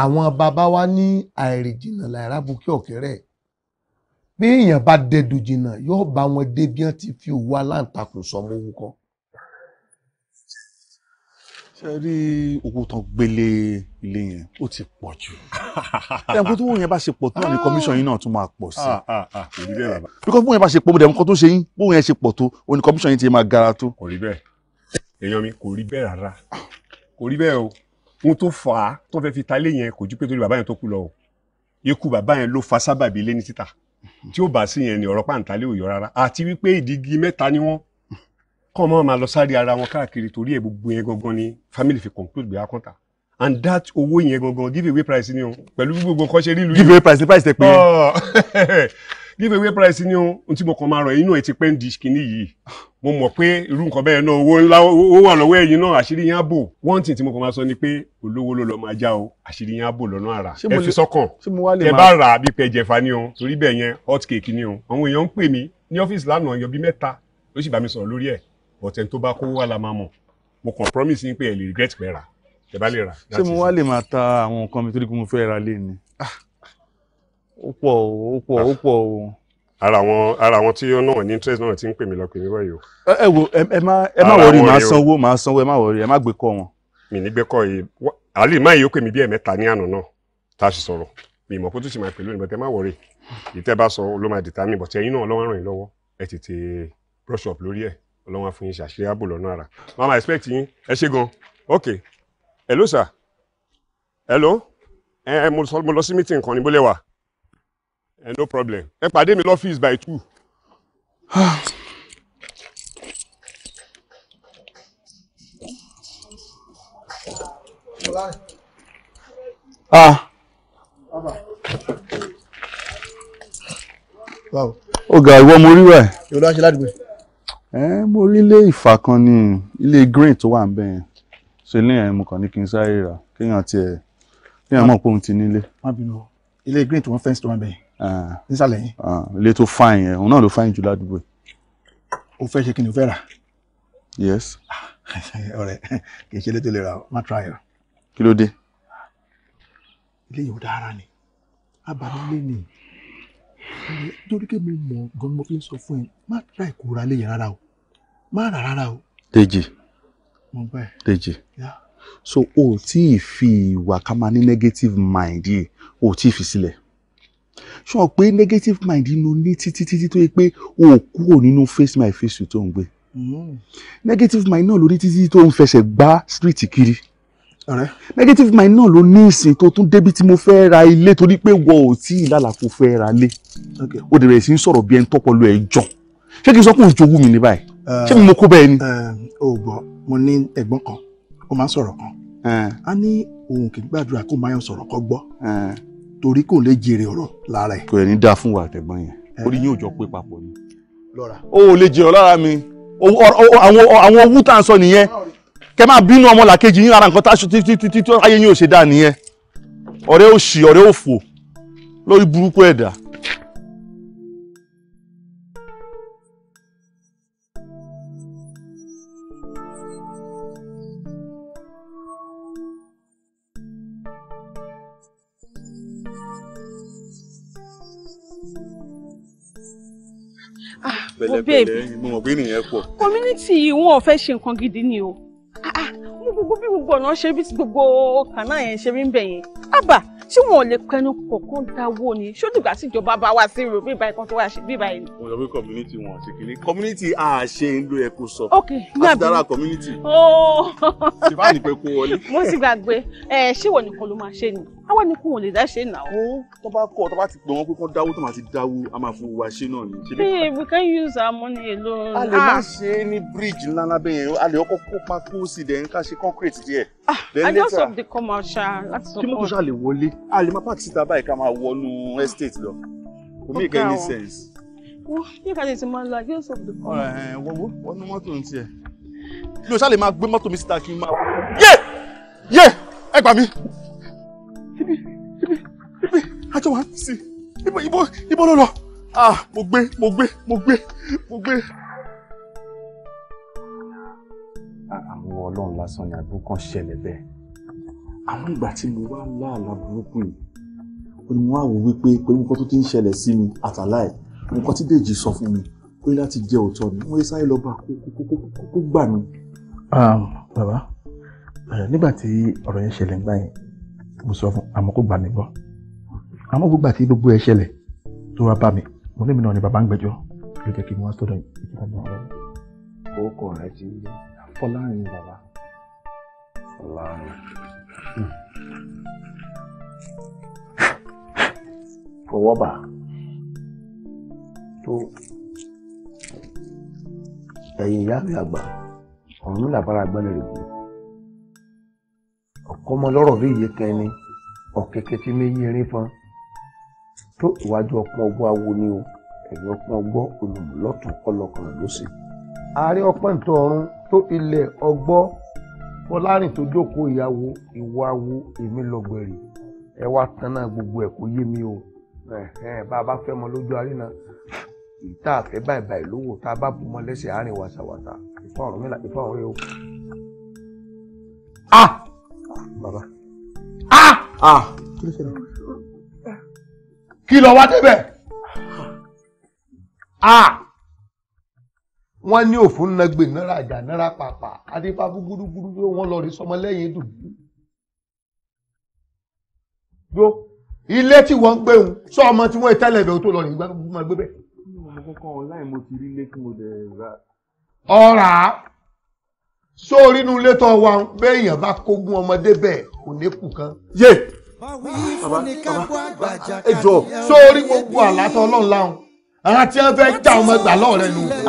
àwọn bàbá wa ní àìrìnjìnà làrá bukí ọ̀kẹ́rẹ́ bí èèyàn bá dẹdùn jìnnà yóò bá wọn dé bí wọn ti fi òwú aláǹtakùn sọmọ owó ṣe rí owó tán gbélé ilé yẹn ó ti pọ̀ jù ẹnìkan tó wọ́n yẹn bá ṣe pọ̀ tó náà ní commission yín náà tún máa pọ̀ sí i ah, ah, ah, because bóun yẹn bá ṣe pọ̀ bóun nǹkan tó ṣe yín bóun yẹn ṣe pọ̀ tó òun ní commission yín ti máa gara tó. kò rí bẹ́ẹ̀ èèyàn mi kò rí bẹ́ẹ̀ rárá kò rí bẹ́ẹ̀ o ohun tó fà á tó fẹ́ fi ta ilé yẹn kò ju pé torí bàbá yẹn tó kú lọ o ikú bàbá yẹn ló fa sábàbí ilé ní títà tí ó bá sí yẹn ni ọ̀rọ̀ pàǹtálẹ́ òyọ rárá àti wípé ìdígi mẹ́ta ni wọ́n kọ́ mọ́ máa lọ sáré ara wọn káàkiri torí ẹ̀ gbogbo yẹn gangan ni family fi conclude bí akọ́ta and that owó yẹn gangan give away price ni o pẹ̀lú gbogbo nǹkan ṣe rí yìí give away price ni price tẹ pé yẹn oh, give away price ni o ohun tí mo kàn máa rọ inú ẹ ti pẹ́ ń di kinní yìí mo mọ̀ pé irú nǹkan bẹ́ẹ̀ náà owó ńlá owó wà lọ́wọ́ ẹ̀yin náà àṣírí yẹn á bò one thing tí mo kàn máa sọ ni pé olówó ló lọ́ọ́ máa já o àṣírí yẹn á bò lọ́nà àrà ẹ fi sọ́kàn tẹ bá rà á bí pẹ́ jẹ̀fà ni o torí bẹ́ẹ̀ yẹn hot cake ni o àwọn èèyàn ń pè mí ní ọ́fíìsì lánàá yan bí mẹ́ta ló sì bá mi sọ̀rọ̀ lórí ẹ̀ but ẹni tó bá kówó wà la máa mọ̀ mo kàn promise yín pé ẹ lè regret pé ra ẹ bá lè ra. ṣé mo wá lè máa ta àwọn nǹkan mi torí pé mo fẹ́ ra lé ni ah. ó pọ̀ ó pọ̀ ah. ó pọ̀ o. ara àwọn ara àwọn tí ó náà ní interest náà ti ń pè mí lọ pè mí báyìí o. ẹ wo ẹ má ẹ má wọrí màá sanwó màá sanwó ẹ má wọrí ẹ má gbé kọ wọn. mi ní gbé kọ yìí àlè má yìí ó pè mí bí ẹ̀mẹ́ta ní àná náà tá a sì sọ̀rọ̀ mi ìmọ̀ kó tún sì máa pè lónìí bọ́tẹ́ má wọrí ìtẹ́ bá sọ ló máa determine bọ́tẹ́ ẹ̀yin náà lọ́wọ́ ràn yín lọ́wọ́ ẹ tètè brush up lórí ẹ̀ ọlọ́run á fún yín ṣàṣeyẹ ààbò lọ́nà àrà mama expect yín ẹ ṣe gan ok hello sir hello ẹ ẹ mo lọ sí meeting kan níbo lẹ wà ẹ no problem ẹ pàdé mi lọ́fíìsì by two. Ah. ah. wow. ó ga ìwọ mo rí wẹ̀. ìwọ ló wá ṣe ládùúgbò mo rí ilé ìfà kan ní ilé green tó wà ń bẹ̀ yẹn so ilé yẹn mo kàn ní kí n sáré rà kéèyàn tiẹ̀ kéèyàn mọ̀ pé òun ti nílé. má bínú ilé green tó wọ́n fẹ́ǹsì tó wà ń bẹ̀ yẹn nísàlẹ̀ yẹn. ilé tó fáìn yẹn òun náà ló fáìn jù ládùúgbò yìí. o fẹ́ ṣe kí ni o fẹ́ rà. yes. Ah, ọ̀rẹ́ kì í ṣe ilé tó lè rà má try o. kí ló dé. ilé yìí ò dára ni abàmílẹ̀ ni torí kí mi mọ̀ gan mo fi ń sọ fún ẹ má try kó ra ilé yẹn rárá o má rà rárá o. Dèjì Dèjì so o tí ì fi ìwà ká máa ní negative mind yìí o tí ì fi sílẹ̀ ṣé pé negative mind inú ní títí títí tó yẹ pé o kúrò nínú face my face you tó ń gbé hmm. negative mind náà ló ní títí tó ń fẹsẹ̀ gbá street kiri negative mind náà ló ní ìsìn tó tún débi tí mo fẹ́ ra ilé torí pé wọ́n ò tí ì lálàpọ̀ fẹ́ ra ilé o dẹ̀ bẹ̀rẹ̀ sí ń sọ̀rọ̀ bí ẹni tọ́pọ̀ lu ẹ̀ jọ̀ ṣé kí n sọ pé òjò wù mí ní báyìí. Eh, ṣé mo kó bẹ́ẹ̀ ni. Eh, o gbọ́ mo ní ẹ̀gbọ́n kan ó máa ń sọ̀rọ̀ kan eh. a ní òun kì í gbàdúrà kó máa ń sọ̀rọ̀ kọ́ gbọ́ torí kò lè jèrè ọ̀rọ̀ lára ẹ̀. kò ní dáa fún wa àtẹ̀gbọ́n yẹn orí yóò jọ pé papọ̀ ni. o ò lè jèrè lára mi àwọn owó tá à ń sọ nìyẹn kẹ máa bínú ọmọ làkejì yín ara nǹkan táṣu títí tí ayé yín ò ṣe dáa nìyẹn ọ̀rẹ́ òṣì ọ̀rẹ́ òfò lórí burúkú ẹ̀dá. pẹ̀lẹ́pẹ̀lẹ́ mo mọ̀ pé nìyẹn pọ̀. community yìí wọn ò fẹ́ ṣe nǹkan gidi ni o mo ah, ah, gbogbo bí gbogbo ọ̀nà ṣe bí gbogbo kànáà yẹn ṣe rí ń bẹ̀ yẹn ṣé wọn ò lè pẹnu kọ̀ọ̀kan dáwọ́ ni ṣó tí ìjọba bá wá sí ìrò bíbá ikán tó wá ṣe bíbá yìí. mo sọ pé community wọn ṣe kìíní community àṣẹ ń ẹkọ sọ láti dára community. ṣèbá ní pé kó wọlé. mo ti gbàgbé ẹ ṣé wọn nìkan ló máa ṣe ni àwọn nìkan ò lè dá ṣe nà. tó bá kọ tó bá ti pè pé kán dáwó tó máa ti dáwó a máa fún wa ṣe náà ni. babe we can use our money alone. a lè má ah. ṣe é ní bridge ńlá lábẹ́ yẹn a lè kọ́kọ́ kó pákó dẹ̀ ń ká ṣe concrete díẹ̀. ah i just hope they come out ṣá láti support. kí ló tó ṣàlè wọlé a lè máa pààkì síta báyìí ká máa wọnú estate lọ kò mí ìkẹ́ ní sense. wọ́n yóò ká lè ti máa lọ àbí òṣèlú kan. ọ̀rọ̀ ẹ̀ wọ́wọ́ wọnú mọ́tò ń tiẹ̀ mi ò ṣáà lè máa gbé mọ́tò mi síta kí n máa wọ. yé yé ẹ gbà mí. ibi ibi ibi ajọ wa sí ibo ibo ibo ló lọ. ah mo gbé mo gbé mo gbé mo gbé. Ah, àwọn ọlọ́run lásán ni àbúkàn ṣẹlẹ̀ bẹ́ẹ̀ àmọ́ ìgbà tí mo wá láàlá burúkú yìí ó ní wọ́n á wò wípé pẹ̀lú nǹkan tó ti ń ṣẹlẹ̀ sí mi àtàláì nǹkan tí dèjì sọ fún mi pé láti jẹ́ òótọ́ ni wọ́n yẹ sáré lọ bá kó gbà mí. Ah, bàbá eh, nígbà tí ọ̀rọ̀ yẹn ṣẹlẹ̀ ńgbà yẹn mo sọ fún àmọ́ kó gbà mí gbọ́ àmọ́ gbogbo àti gbogbo ẹ̀ ṣẹlẹ̀ tó wá bá mi mo ní mi náà ni bàbá ń gbẹ́jọ́ ló jẹ́ kí n wá sọ́dọ̀ ìjọba náà lọ. orúkọ rẹ fọwọ́ bà tó ẹ̀yìn ìyá mi àgbà ọ̀run mi làbára gbẹ́lẹ̀ rẹ̀ kú ọ̀kọ́ ọmọ lọ́rọ̀ bí iye kẹni ọ̀kẹ́kẹ́ tí mi yí rin fún tó ìwájú ọpọ́n ọgbọ́n awo ni o ẹ̀yìn ọpọ́n ọgbọ́n olùmúlọ́tún ọlọ́kàn ló sì ààrẹ ọpọ́n ìtọ́ ọ̀run tó ilẹ̀ ọgbọ́n fọlárìn tó jókòó ìyàwó ìwàwó èmi lọgbẹrì ẹ wá tanná gbogbo ẹ kò yé mi o bá a bá fẹ́ mọ lójú arí náà ìta àfẹ́ báyìí báyìí lówó tá a bá bu mọ́ lẹ́sẹ̀ àárín wàsàwàsà ìfọ̀ ọ̀run mi là ìfọ̀ ọ̀run yìí o. a baba a a kí ló wá débẹ̀ a wọ́n ní òfin nàgbè náírà àjà náírà pàpà adéfábú gúdúgúdú yóò wọ́n lọ rí sọmọ lẹ́yìn dùn. yó ilé tí wọ́n ń gbé òun sọ ọmọ tí wọ́n tẹ́lẹ̀ bẹ̀ tó lọ rí gbá gbogbo máa gbé bẹ̀. mo kọ́kọ́ ọ̀nláì mo ti rí ilé tí mo dẹ̀ rà. ọ̀rà sórí inú ilé tó wà béèyàn bá kógun ọmọdé bẹ́ẹ̀ kò ní kù kan. yé bàbá bàbá ẹ jọ sórí gbogbo àlá tó ọlọ́run láwọn àwọn tí wọn fẹẹ já ọmọ gbà lọ́wọ́ rẹ nù àwọn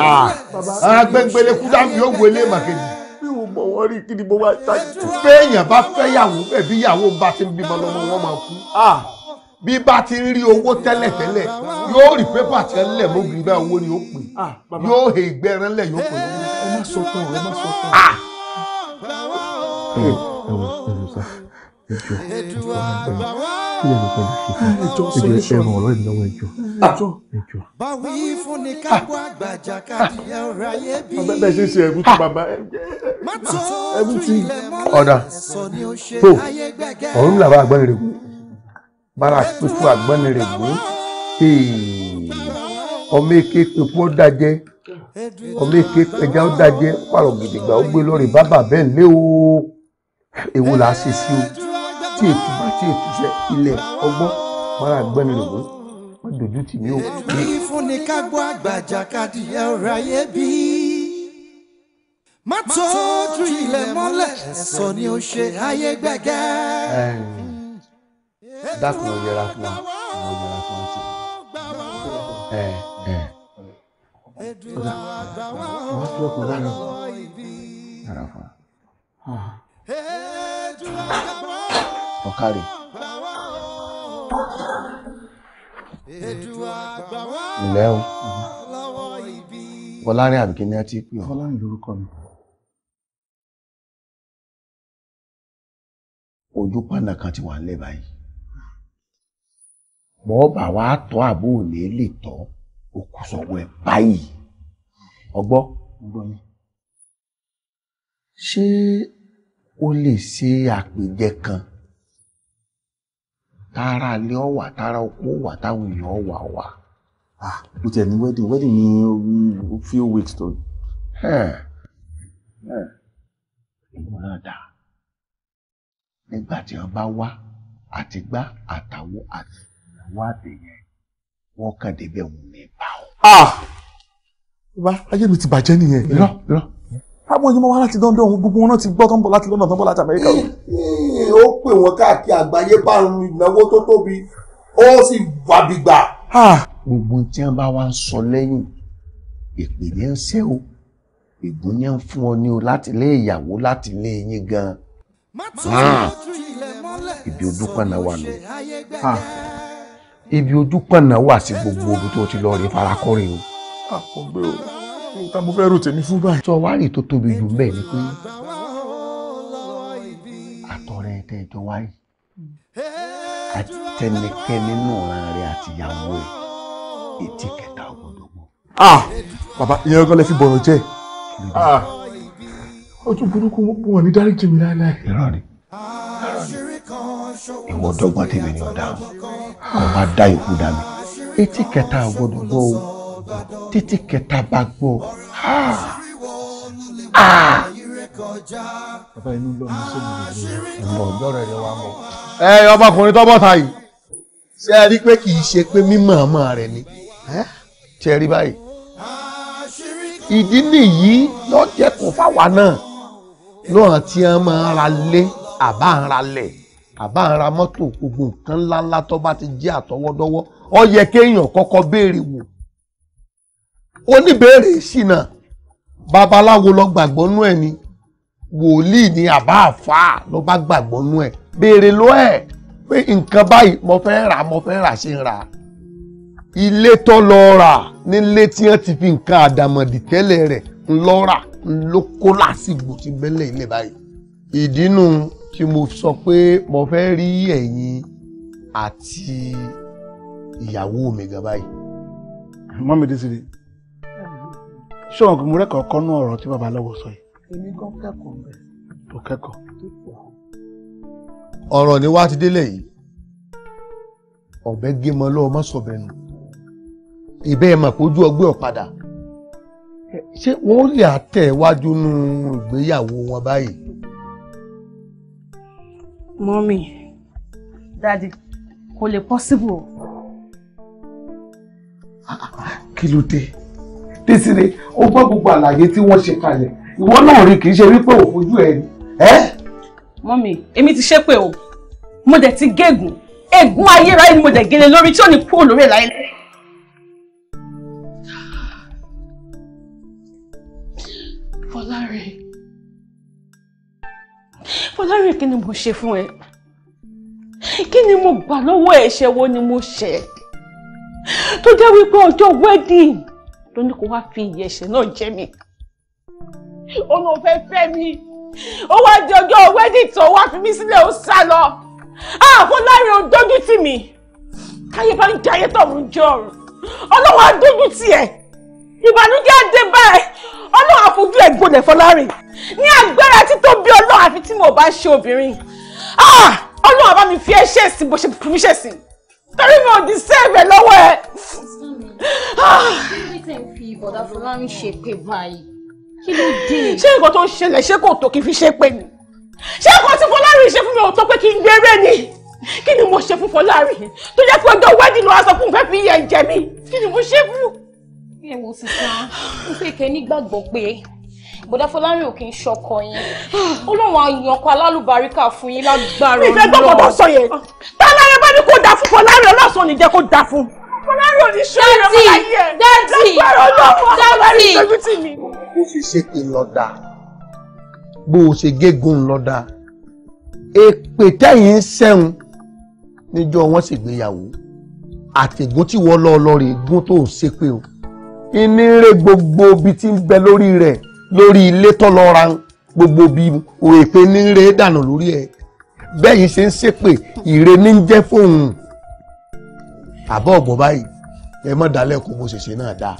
ah. agbẹngbẹlẹ kúdà yóò wọlé màkejì mi ò mọ wọn rí kí ni mo wá tájú. béèyàn bá fẹ́yàwó ẹ̀bí ìyàwó bá ti ń bímọ lọ́mọ wọn máa kú ah. bí bá ti ń rí owó tẹ́lẹ̀tẹ́lẹ̀ yóò rí pépà tí lẹ̀ mọ́bìnrin bá owó ni ó pè ah, yóò he ìgbẹ́ran lẹ̀ yóò pè lọ́wọ́. ẹ má sọ tán ẹ má sọ tán. ẹ kí lẹ́nu pẹ̀lú ṣe fún ẹjọ́ ẹran ọ̀rọ̀ ìlú ẹjọ́ ẹjọ́. Ah. báwo yí fún ni ká wá gbàjà káàdì ẹ̀rọ ayé bí. Ah, bẹ́ẹ̀ ṣe ṣe ẹ̀gún tí bàbá ẹ̀gún tí ọ̀dà tó ọ̀run làbá àgbọ̀nrẹ̀gùn bára pípọ̀ àgbọ̀nrẹ̀gùn ọmọ èké pípọ̀ dájẹ́ ọmọ èké ẹja dájẹ́ pàrọ̀ gidigba ó gbé lọ́rìn bábà bẹ́ẹ̀ lé o èwo là á ṣe sí o tí èkó tí òtúnṣe ilẹ̀ ọgbọ́n mara gbẹ́ni lògún wọ́n dojú tì mí ò. ẹ̀mí fúnni ká gbọ́ àgbàjàkadì ẹ̀ ọ̀rọ̀ ayé bí. má tọ́jú ilẹ̀ mọ́lẹ̀ ẹ̀sọ́ ni ó ṣe ayé gbẹ̀gẹ́. dákun ò yẹra fún wa ò yẹra fún wa ti. wọ́n fi ọkùnrin lánàá. yẹra fún wa ọ̀kàrè. ǹlẹ́ o fọlárin àbíkí ni ẹ ti pè ọ́. fọlárin lórúkọ mi. ojú pàǹdà kan ti wà nílẹ̀ báyìí mọ́ bà wá tọ́ àbò òní lè tọ́ òkú ẹ̀ báyìí ọgbọ́. ṣé o lè ṣe àpèjẹ kan tààrà ilé ọ̀wà tààrà oko ọ̀wà táwọn èèyàn ọ̀wà wà. ah mo tiẹ̀ ní wedding wedding ní few weeks tó. ìwọ náà dà nígbà tí wọn bá wá àtìgbà àtàwọn àti ìyàwó àtẹ̀yẹn wọn kàn débẹ̀ wọn ní bá ọ. bá ayé mi ti bàjẹ́ nìyẹn. irọ́ irọ́. táwọn yìí wá láti London gbogbo wọn náà ti gbọ́ tó bọ̀ láti London tó bọ̀ láti Amẹ́ríkà ó pè wọ́n káàkiri àgbáyé bá ń ìnáwó tó tóbi ó sì wàbìgbà. gbogbo tí wọn bá wá ń sọ lẹ́yìn ìpèlè ń ṣe o ìgbón ni ń fún ọ ní o láti lé ìyàwó láti lé yín gan. ibi ojú pọ̀nà wà lọ ibi ojú pọ̀nà wà sí gbogbo omi tó ti lọ rí farakọ́rin o. àpò gbé o nǹkan mo fẹ́ rò tèmi fún báyìí. sọ wárì tó tóbi jù bẹ́ẹ̀ ni pé tẹ́ ẹ jọ wáyé àti tẹnikẹ́ni nù rẹ àtìyàwó ẹ̀ etí kẹta ọgbọ́dọ̀ gbọ́. bàbá ìyẹn kan lè fi bọ̀rọ̀ jẹ́ ojú burúkú wọn ní dáríjì mi láéláé. irọ́ ni ìwọ dọ́gbọ́n tèmi ni ọ̀dà àwọn máa dá ikú dá mi etí kẹta ọgbọ́dọ̀ gbọ́ o títí kẹta bá gbọ́. Ah! Ah! bàbá inú lọ ní sóbìrì rẹ ọmọ ọ̀dọ̀ tó bọ́ta yìí ṣé ẹ rí pé kì í ṣe pé mímọ̀ ọmọ rẹ ni ṣe rí báyìí ìdí nìyí lọ́jẹ́ kò fáwa náà lọ́hàn tí wọ́n máa ra lé àbá ń ra lẹ̀ àbá ń ra mọ́tò gbogbo nǹkan ńláńlá tó bá ti jẹ́ àtọwọ́dọ́wọ́ ó yẹ kéèyàn kọ́kọ́ béèrè wò oníbèrè ṣìnà babaláwo lọ gbàgbọ́ nú ẹ̀ ni wòlíì ni àbá àfà ló bá gbàgbọ́ nú ẹ̀ béèrè ló ẹ̀ pé nǹkan báyìí mo fẹ́ rà mo fẹ́ rà ṣe ń rà ilé tó lọ rà nílé tí wọ́n ti fi nǹkan àdàmọ̀dì tẹ́lẹ̀ rẹ̀ ńlọ́ra ló kó lásìgbò ti bẹ́lẹ̀ ilé báyìí ìdínú tí mo sọ pé mo fẹ́ rí ẹ̀yin àti ìyàwó mi gan báyìí. mọ́mídìí sì rí ṣé wọn kò mú rẹ́kọ̀ọ́ kọ́nú ọ̀rọ̀ tí babaláwo sọ yìí èmi gan kẹ́kọ̀ọ́ bẹ̀. tó kẹ́kọ̀ọ́. ọ̀rọ̀ ni wá ti délé yìí ọ̀bẹ gímọ lọ́wọ́ má sọ bẹ́ẹ̀ nù ìbẹ́ ẹ̀ mà kójú ọgbẹ́ ọ̀padà ṣé wọ́n lè àtẹ̀ wájú nú ìgbéyàwó wọn báyìí. mọ́mí dáàdi kò lè pọ́síbù o. Ah, kí ló dé désìrè ó gbọ́ gbogbo àlàyé tí wọ́n ṣe kalẹ̀ ìwọ náà rí kì í ṣe wípé ò fojú ẹ ẹ. mọ́mì èmi ti ṣépè o mo dẹ̀ ti gégùn ègún ayérayé ni mo dẹ̀ gélé lórí tí ò ní kúrò lórí ẹ̀ láyé. fọláre fọláre kí ni mo ṣe fún ẹ kí ni mo gbà lọ́wọ́ ẹ̀ṣẹ̀ wo ni mo ṣẹ̀ tó jẹ́ wípé ọjọ́ wedding ló ní kó wá fi ìyẹ̀ṣẹ̀ náà jẹ mí òun ò fẹ́ fẹ́ mi ó wá di ọjọ́ wedding tó wá fi mí sílẹ̀ ó sá lọ àfọlárin ò dójú tì mí káyé bá ń jayé tọ̀hún jọ ọ̀run ọlọ́wọ́ á dójú tì ẹ̀ ìbànújẹ́ àdé báyìí ọlọ́wọ́ àfojú ẹ̀ gbolẹ̀ fọlárin ní agbára tító bí ọlọ́wọ́ àfi tí mo bá ṣe obìnrin ọlọ́wọ́ bá mi fi ẹ́ ṣèṣì bó ṣe fi mí ṣèṣì torí mi ò di sẹ́ẹ̀bẹ̀ lọ́wọ́ ẹ̀. ṣé tẹ̀ ń fi bọ̀dá fọlárin ṣe pé báyìí kí ló dé. ṣé nǹkan tó ń ṣẹlẹ̀ ṣé kò tó kí n fi ṣe pé ni ṣé nǹkan tí Fọlárin ṣe fún mi ò tó pé kí n gbére ni kí ni mo ṣe fún Fọlárin tó jẹ́ pé ọjọ́ wẹ́ẹ̀dì ló wá sọ fún un fẹ́ fi yẹ ẹ̀jẹ̀ mi kí ni mo ṣe fún. ẹ wo sísan mo fẹ́ kẹ́ nígbàgbọ́ pé bọ̀dá Fọlárin ò kì í ṣọkọ yín Ọlọ́run àyànkọ alálùbáríkà fún yín lágbára Ọlọ́run. mi fẹ́ gbọ́ Fọlárí ò ní ṣe ẹ̀rọ mọ́ láyé ẹ̀. Dẹ́tì! Dẹ́tì! Dẹ́tì! Bó ṣe ṣépè lọ́dà, bó ṣe gégùn lọ́dà, èpè tẹ́yìn ń sẹ́hun níjọ́ wọ́n ṣègbéyàwó. Àtẹ̀gún tí wọ́n lọ́ọ́ lọ́ọ́ rè gún tó ń ṣépè o. Inírè gbogbo ibi tí ń bẹ lórí rẹ̀ lórí ilé tọ́lọ́ra gbogbo bí òèpè ní rè dànù lórí ẹ̀. Bẹ́ẹ̀ yìí ṣe ń ṣépè, ìre ní jẹ́ fóun àbọ̀ ọ̀gbọ̀n báyìí ẹ mọ̀ dálẹ́kùn mo ṣèṣe náà dáa.